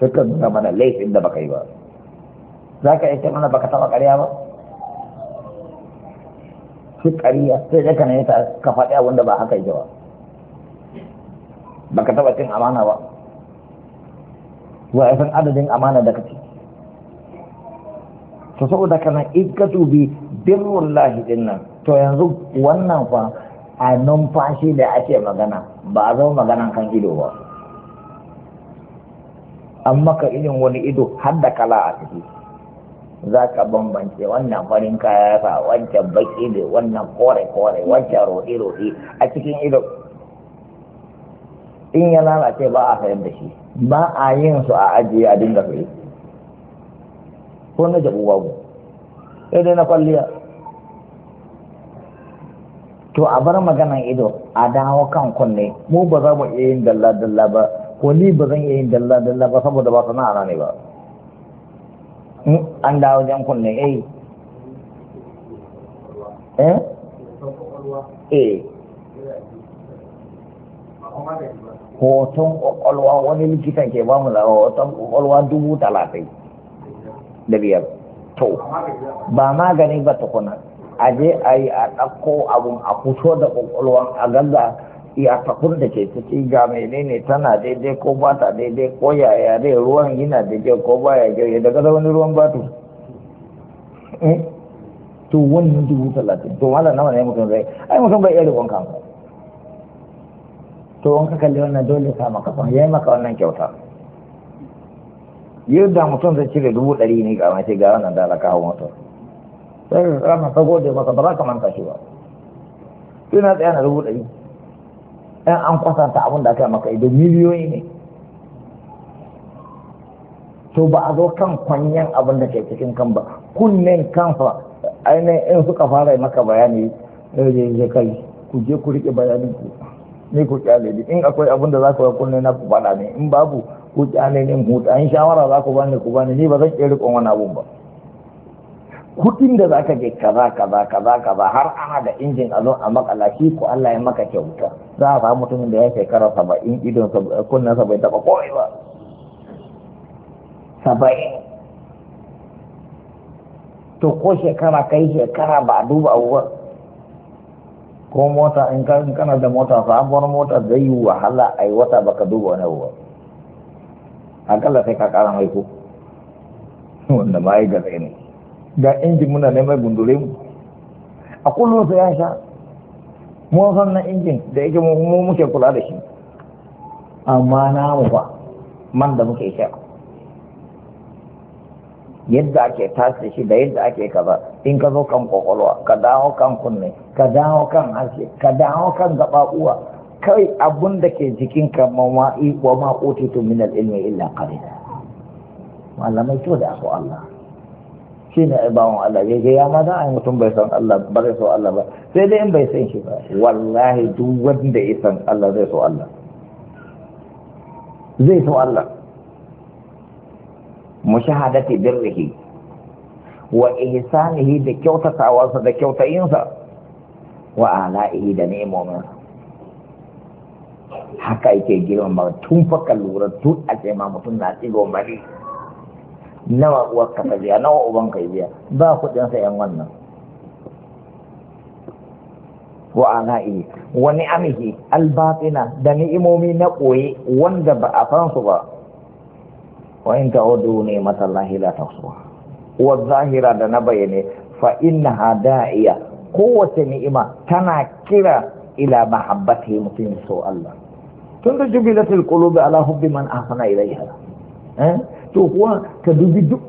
A: suka nuna mana laifin da ba kai ba za ka iya mana baka taba karya ba su karya sai da ka ne ta ka faɗi abin da ba haka yake ba baka taba cin amana ba wa san adadin amana da kake to saboda kana in ka dubi birrullahi din nan to yanzu wannan fa a numfashi da ake magana ba a zo maganan kan ido ba an maka irin wani ido har da kala a ciki za ka bambance wannan farin kaya sa wancan baki ne wannan kore-kore wancan roɗe-roɗe a cikin ido in ya lalace ba a sayar da shi ba a yin su a ajiye a dinga saye ko na jabu babu sai dai na kwalliya to a bar magana ido a dawo kan kunne mu ba za mu iya yin dalla dalla ba ko ni ba zan iya yin dalla dalla ba saboda ba sana'a ne ba hmm, an dawo jan kunne eh eh, eh. hoton kwakwalwa wani likitan ke ba mu da hoton kwakwalwa dubu talatin da biyar to ba magani ba tukuna a je a yi a ɗauko abun a fito da ƙwaƙwalwan a ganda iyatakun da ke ciki ga menene tana daidai ko ba ta daidai ko yaya dai ruwan yana daidai ko ba ya gyauye daga da wani ruwan batu eh? to wannan dubu talatin to wala nawa ne mutum zai ai mutum bai iya wanka kanka to wanka kalli wannan dole sa maka son yayi maka wannan kyauta yadda mutum zai cire dubu ɗari ne ga mace ga wannan dalaka hawa motar. sai ka rama ka gode masa ba za ka manta shi ba ina tsaya na rubuta yi. ɗan an kwatanta abin da aka yi maka ido miliyoyi ne to ba a zo kan kwanyan abin da ke cikin kan ba kunnen kan kanfa ainihin in suka fara maka bayani ne eh, ya kai ku je ku riƙe bayanin ku ni ku kyale ni in akwai abin da za ku kunne na ku faɗa ne in babu ku kyale ni huta in shawara za ku bani ku bani ni ba zan iya riƙon wani abun ba kudin da zaka je kaza kaza kaza kaza har ana da injin a zo a makala shi ko Allah ya maka kyauta za a samu mutumin da ya shekara saba'in idon kunnen saba'in taɓa kowai ba saba'in to ko shekara kai shekara ba a duba abubuwa ko mota in kana da mota sabuwar mota zai yi wahala a yi wata baka duba wani abubuwa akalla sai ka kara mai ko wanda ma yi gaza ne Da injin muna neman gundure mu a kullum sai ya sha mu san na injin da yake mu muke kula da shi amma na mu ba man da muke sha yadda ake tasiri shi da yadda ake kaza in ka zo kan kwakwalwa ka dawo kan kunne ka dawo kan harshe ka dawo kan gaba uwa kai abun da ke jikin ka mawa'i wa ma utitu min al-ilmi illa qalila malamai to da ko Allah shi ne bawan Allah ya ga ya ma za a yi mutum bai san Allah ba zai so Allah ba sai dai in bai san shi ba wallahi duk wanda ya san Allah zai so Allah zai so Allah shahadati birrihi wa ihsanihi da kyautatawarsa da kyautayinsa wa ala'ihi da ni'imominsa haka yake girma tun fa lura tun a ce ma mutum na tsigo mari nawa uwar ka biya nawa uban ka biya ba kuɗin sayan wannan wa ana'i wani amihi albatina da ni'imomi na koye wanda ba a san su ba wa in ta'udu ni'matallahi la wa zahira da na bayyane fa innaha da'iya kowace ni'ima tana kira ila mahabbati mutum so Allah tun da jubilatul qulubi ala hubbi man ahsana ilayha Eh? to kuwa ka dubi duk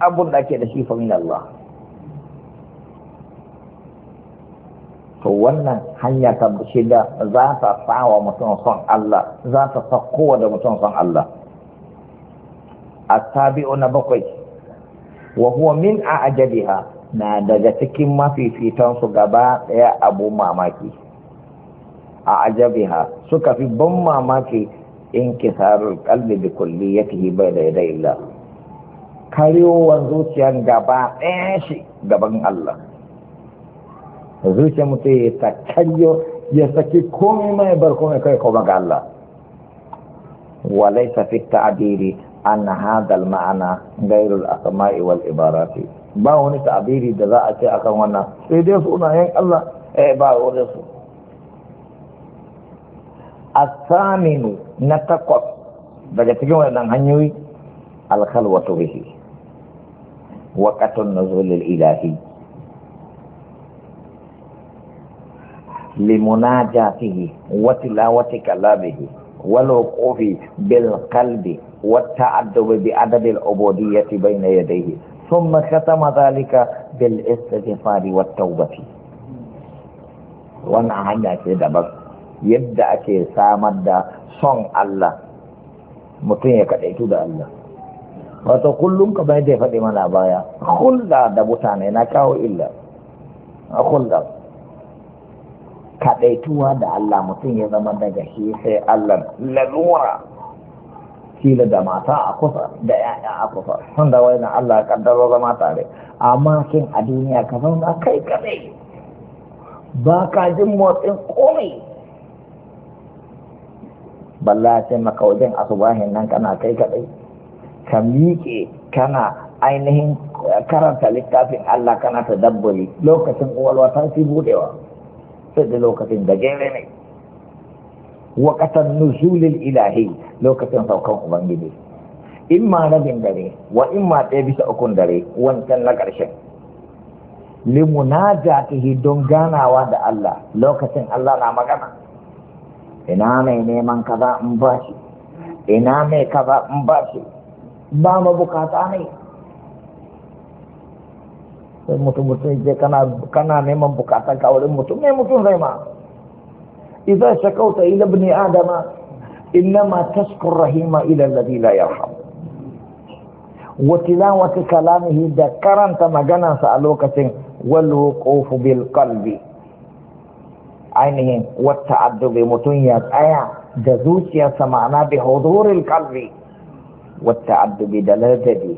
A: abun da ake da shi fa min Allah to wannan hanya ta shida za ta sawa mutum son Allah za ta sa kowa da mutum son Allah asabi'u na bakwai wa huwa min a'jabiha na daga cikin mafifitan su gaba daya abu mamaki a ajabiha suka fi ban mamaki inkisarul kalbi bi kulliyatihi bayna yaday Allah karyowan zuciyan gaba ɗaya shi gaban Allah zuciya mutum ya ta karyo ya saki komai mai bar komai kai kuma ga Allah walaysa fi ta'biri an hadha ma'ana ghayru al wal ibarati ba wani ta'biri da za a ce akan wannan sai dai sunayen Allah eh ba wani su الثامن na takwas daga cikin waɗannan hanyoyi alkhalwatu bihi waqatun nuzulil ilahi limunajatihi wa tilawati kalamihi والوقوف بالقلب والتعدب بعدد العبودية بين يديه ثم ختم ذلك بالاستغفار والتوبة وانا عنا كده بس yadda ake samar da son Allah mutum ya kaɗaitu da Allah wato kullum ka yadda ya faɗi mana baya hulɗa da mutane na kawo illa a hulɗa kaɗaituwa da Allah mutum ya zama daga shi sai Allah lalura kila da mata a kusa da ‘ya'ya a kusa sun da wani Allah ya kaddaro zama tare amma kin a duniya ka zauna kai kaɗai, ba ka jin motsin komai balla sai maka wajen asubahin nan kana kai kaɗai ka miƙe kana ainihin eh, karanta littafin Allah kana ta dabbari lokacin uwalwa ta fi buɗewa sai da lokacin da gere ne waƙatan nuzulil ilahi lokacin saukan ubangiji in ma rabin dare wa in ma ɗaya bisa ukun dare wancan na ƙarshen limunajatihi don ganawa da Allah lokacin Allah na magana ina mai neman kaza in ba shi ina mai kaza in ba shi ba mu bukata ne sai mutum mutum je kana kana neman bukatan ka wurin mutum ne mutum zai ma idza shakauta ila ibni adama innama tashkur rahima ila alladhi la yarham wa tilawati kalamihi da karanta maganansa a lokacin wal wuquf bil qalbi ainihin wata addubi mutum ya tsaya da zuciyarsa ma'ana bi huduril kalbi wata addubi da ladabi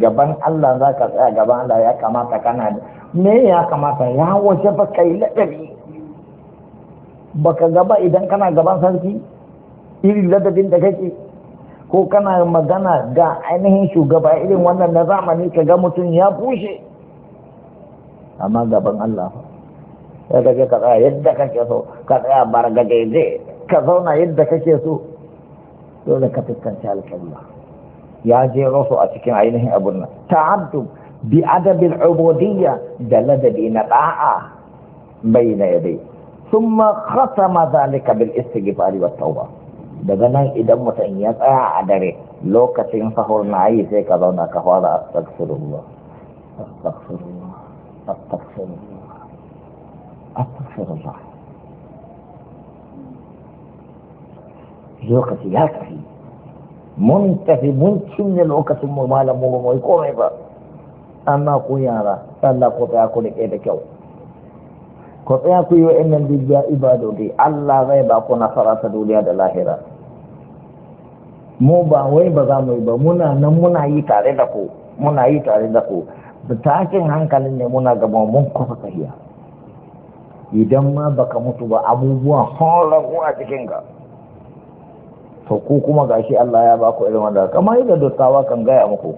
A: gaban Allah za ka tsaya gaban Allah ya kamata kana da me ya kamata ya waje ba kai ladabi baka gaba idan kana gaban sarki irin ladabin da kake ko kana magana ga ainihin shugaba irin wannan na zamani ka ga mutum ya bushe amma gaban Allah yadda ka ka tsaya yadda kake so ka tsaya daidai ka zauna yadda kake so dole ka fuskanci alƙalla ya je rosu a cikin ainihin abun nan abdu bi adabil ubudiyya da ladabi na da'a bai na yadai thumma khatama zalika bil istighfari wat tauba daga nan idan mutum ya tsaya a dare lokacin sahur na yi sai ka zauna ka fara astaghfirullah astaghfirullah astaghfirullah astaghfirullah lokaci ya tafi mun tafi mun cinye lokacin mu malam mu mai komai ba amma ku yara Allah ko tsaya ku rike da kyau ku tsaya ku yi wa'annan dubiya ibadodi Allah zai ba ku nasara ta da lahira mu ba wai ba za mu yi ba muna nan tare da ku muna hankalin ne muna gaba mun kuma tsayiya idan ma baka mutu ba abubuwan horagu a cikinka to ku kuma gashi Allah ya baku irin wanda Kama yadda dottawa kan gaya muku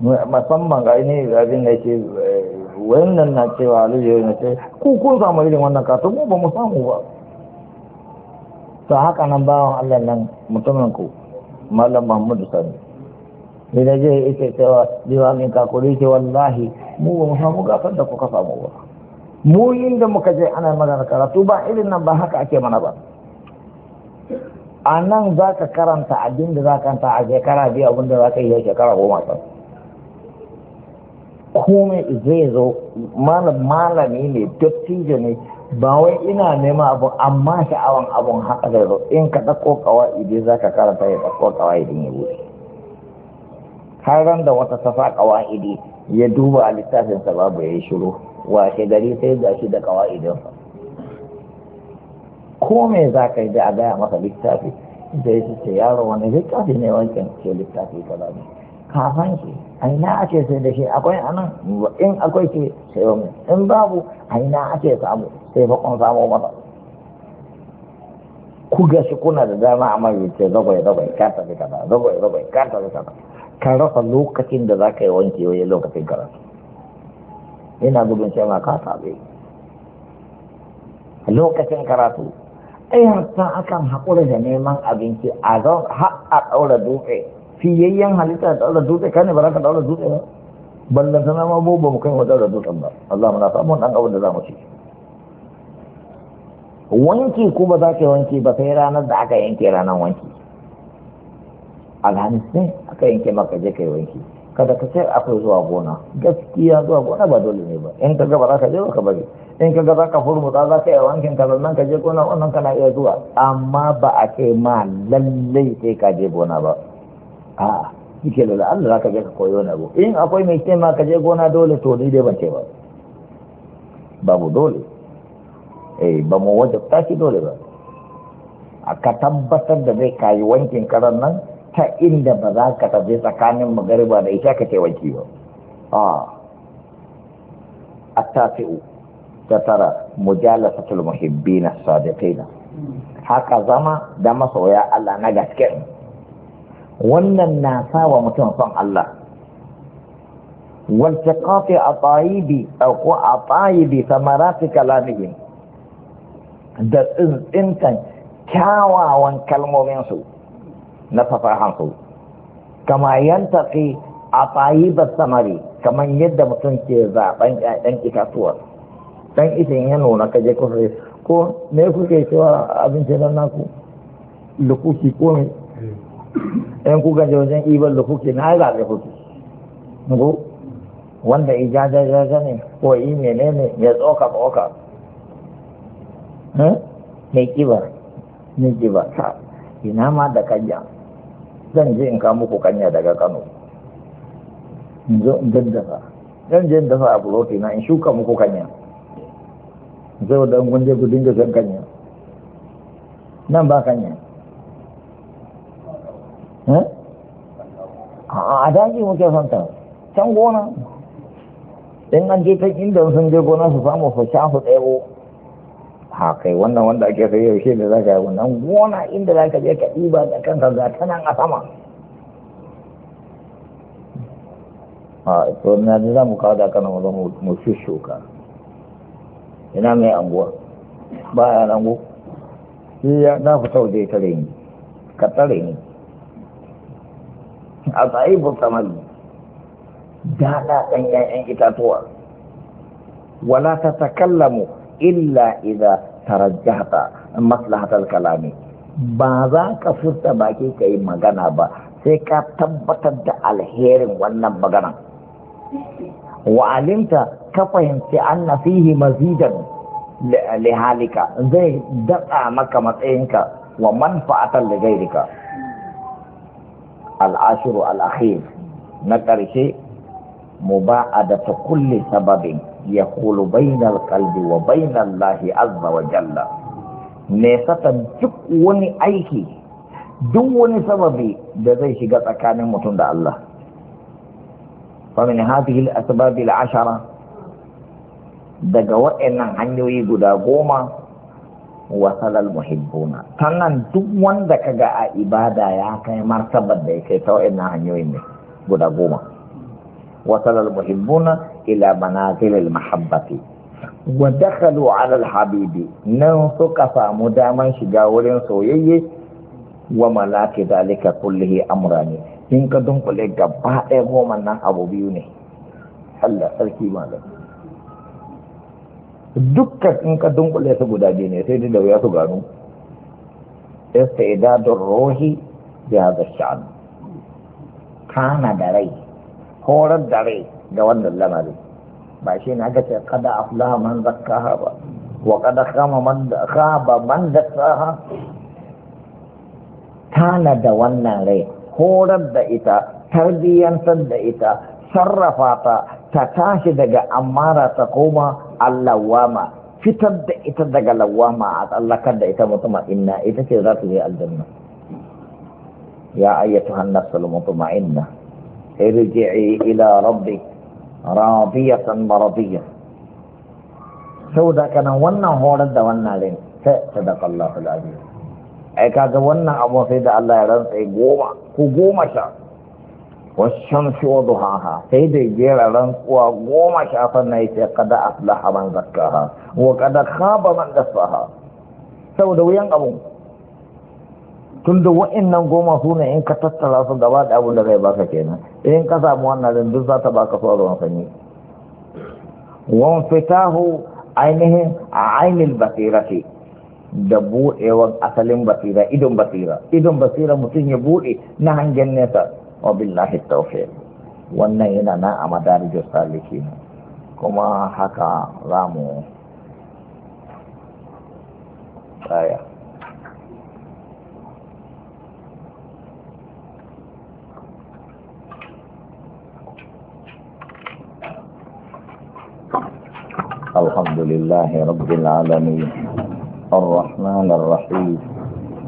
A: musamman ga ne abin da yake eh, wannan na cewa aliyu na ce ku kun samu irin wannan To mu ba mu samu ba to haka nan bawan Allah nan mutumin ku malam Muhammadu Sani sai da je ita cewa diwamin kakuri ce wallahi mu ba mu samu gafar da kuka samu ba mu da muka je ana magana karatu ba irin nan ba haka ake mana ba a nan za ka karanta abin da za ka karanta a shekara biyu abin da za ka yi a shekara goma ta kome zai zo malami ne dattijo ne ba wai ina nema abu amma sha'awan abun haka zai zo in ka kawa kawai za ka karanta ya kawa idin ya buɗe har da wata safa kawai ya duba a littafinsa babu ya yi shiru washe gari sai ga shi da kawa'idinsa ko me za ka yi da a gaya masa littafi da ya ce yaro wani littafi ne wancan ke littafi kaza ne kafan shi aina ake sai da shi akwai anan in akwai ke sai wani in babu aina ake samu sai bakon samu masa ku ga shi kuna da dama amma ya ce zagwai zagwai ka tafi kaza zagwai zagwai ka tafi kaza ka rasa lokacin da za ka yi wanke waye lokacin karatu yana gudun cewa ka sabe a lokacin karatu ai hatta akan haƙura da neman abinci a zau har a ɗaura dutse fiyayyen halitta da ɗaura dutse ka ne ba za ka ɗaura dutse ba ballan sana ma mu ba mu kai wa ɗaura dutsen ba Allah muna samu ɗan abin da za mu ci wanki ko ba za ka wanki ba sai ranar da aka yanke ranar wanki alhamis ne aka yanke maka je kai wanki kada ka ce akwai zuwa gona gaskiya zuwa gona ba dole ne ba in ka gaba za ka je ba ka bari in ka ga za ka furmuta za ka yi wankin ka sannan ka je gona wannan kana iya zuwa amma ba a ce ma lallai sai ka je gona ba a'a yake da Allah za ka je ka koyo na abu in akwai mai ce ma ka je gona dole to ni dai ban ce ba babu dole eh ba mu wajabta shi dole ba a ka tabbatar da zai kayi wankin karan nan ta inda ba za ka tafi tsakanin magariba da ita ka taimaki ba a tafi'u ta tara mujalasatul muhibbina sadiqina haka zama da masoya Allah na gaske wannan na sawa mutum son Allah والتقاط ko a أطايب ثمرات كلامهم da tsintsinta kyawawan kalmomin su. na fasahansu kama yantaqi ba samari kaman yadda mutum ke zaɓen ƴaƴan itatuwa Ɗan itin ya nuna kaje ko ko me kuke cewa abinci nan naku lukuki ko me ɗan kuka gaje wajen ibar lukuki na zaɓe kuki ngo wanda ijajajaja ne ko yi menene ya tsoka tsoka hmm? mai kibar mai kibar ta ina ma da kanya zan je in kawo muku kanya daga kano in zo in daddafa zan je in dafa a buloti na in shuka muku kanya zai da kun je ku dinga san kanya nan ba kanya eh? a daji muke fanta can gona in an je ta inda sun je gona su samu su sha su ɗaya a kai wannan wanda ake sai yaushe ne za ka yi wannan gona inda za ka je ka ɗiba da kanka ga ta nan a sama a to na ji za mu kawo da kanan wani mu shuka ina mai anguwa ba ya rango shi ya na fita waje tare ni ka tare ni a tsaye bu Da daɗa ɗan ƴaƴan itatuwa wala ta takallamu illa idza tarajjata maslahatar kalami ba za ka furta baki ka yi magana ba sai ka tabbatar da alherin wannan magana wa alimta ka fahimci anna fihi mazidan li zai datsa maka matsayinka wa manfa'atan li ghayrika al-ashiru al-akhir na ƙarshe muba'adata kulli sababin يقول بين القلب وبين الله عز وجل nesatan duk wani aiki duk wani sababi da zai shiga tsakanin mutum da Allah famin hadhihi al al-ashara daga waɗannan hanyoyi guda goma wasalal muhibbuna sannan duk wanda kaga a ibada ya kai martabar da ya kai ta waɗannan hanyoyin ne guda goma wasalal muhibbuna ila manazilil mahabbati wa dakhalu ala al habibi nan suka samu daman shiga wurin soyayye wa malaki dalika kullihi amrani in ka dunkule gaba ɗaya goman nan abu biyu ne Allah sarki malam dukkan in ka dunkule su guda biyu ne sai da da wuya su gano istidadur ruhi bi kana da rai horar da rai da wannan lamarin ba shi ne aka ce kada aflaha man zakkaha ba wa kada khama man khaba man dassaha tana da wannan rai horar da ita tarbiyyantar da ita sarrafa ta ta tashi daga amara ta koma allawama fitar da ita daga lawama a tsallakar da ita mutuma inna ita ce za ta je aljanna ya ayyatu hannar salmatu ma'inna irji'i ila rabbik radiyatan maradiyya saboda kana wannan horar da wannan rin sai sadaqallahu alazim ai kaga wannan abun sai da Allah ya rantsa goma ko goma sha wasu wa sai da jera rantsuwa goma sha wa kada man wuyan tun da wa'annan goma suna in ka tattara su gaba da abin da zai baka kenan in ka samu wannan din duk za ta baka su ruwan sanyi wan fitahu ainihin a basira ce da buɗewar asalin basira idon basira idon basira mutum ya buɗe na hangen nesa wa billahi tawfiq wannan yana nan a madarijar saliki kuma haka za mu tsaya الحمد لله رب العالمين الرحمن الرحيم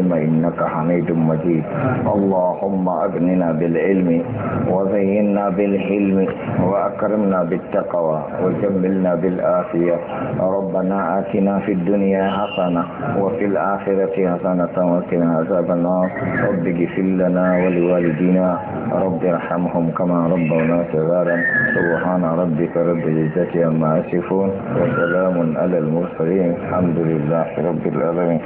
A: إبراهيم إنك حميد مجيد اللهم أغننا بالعلم وزينا بالحلم وأكرمنا بالتقوى وجملنا بالآفية ربنا آتنا في الدنيا حسنة وفي الآخرة حسنة وقنا عذاب النار رب اغفر لنا ولوالدينا رب ارحمهم كما ربونا صغارا سبحان ربك رب العزة عما يصفون وسلام على المرسلين الحمد لله رب العالمين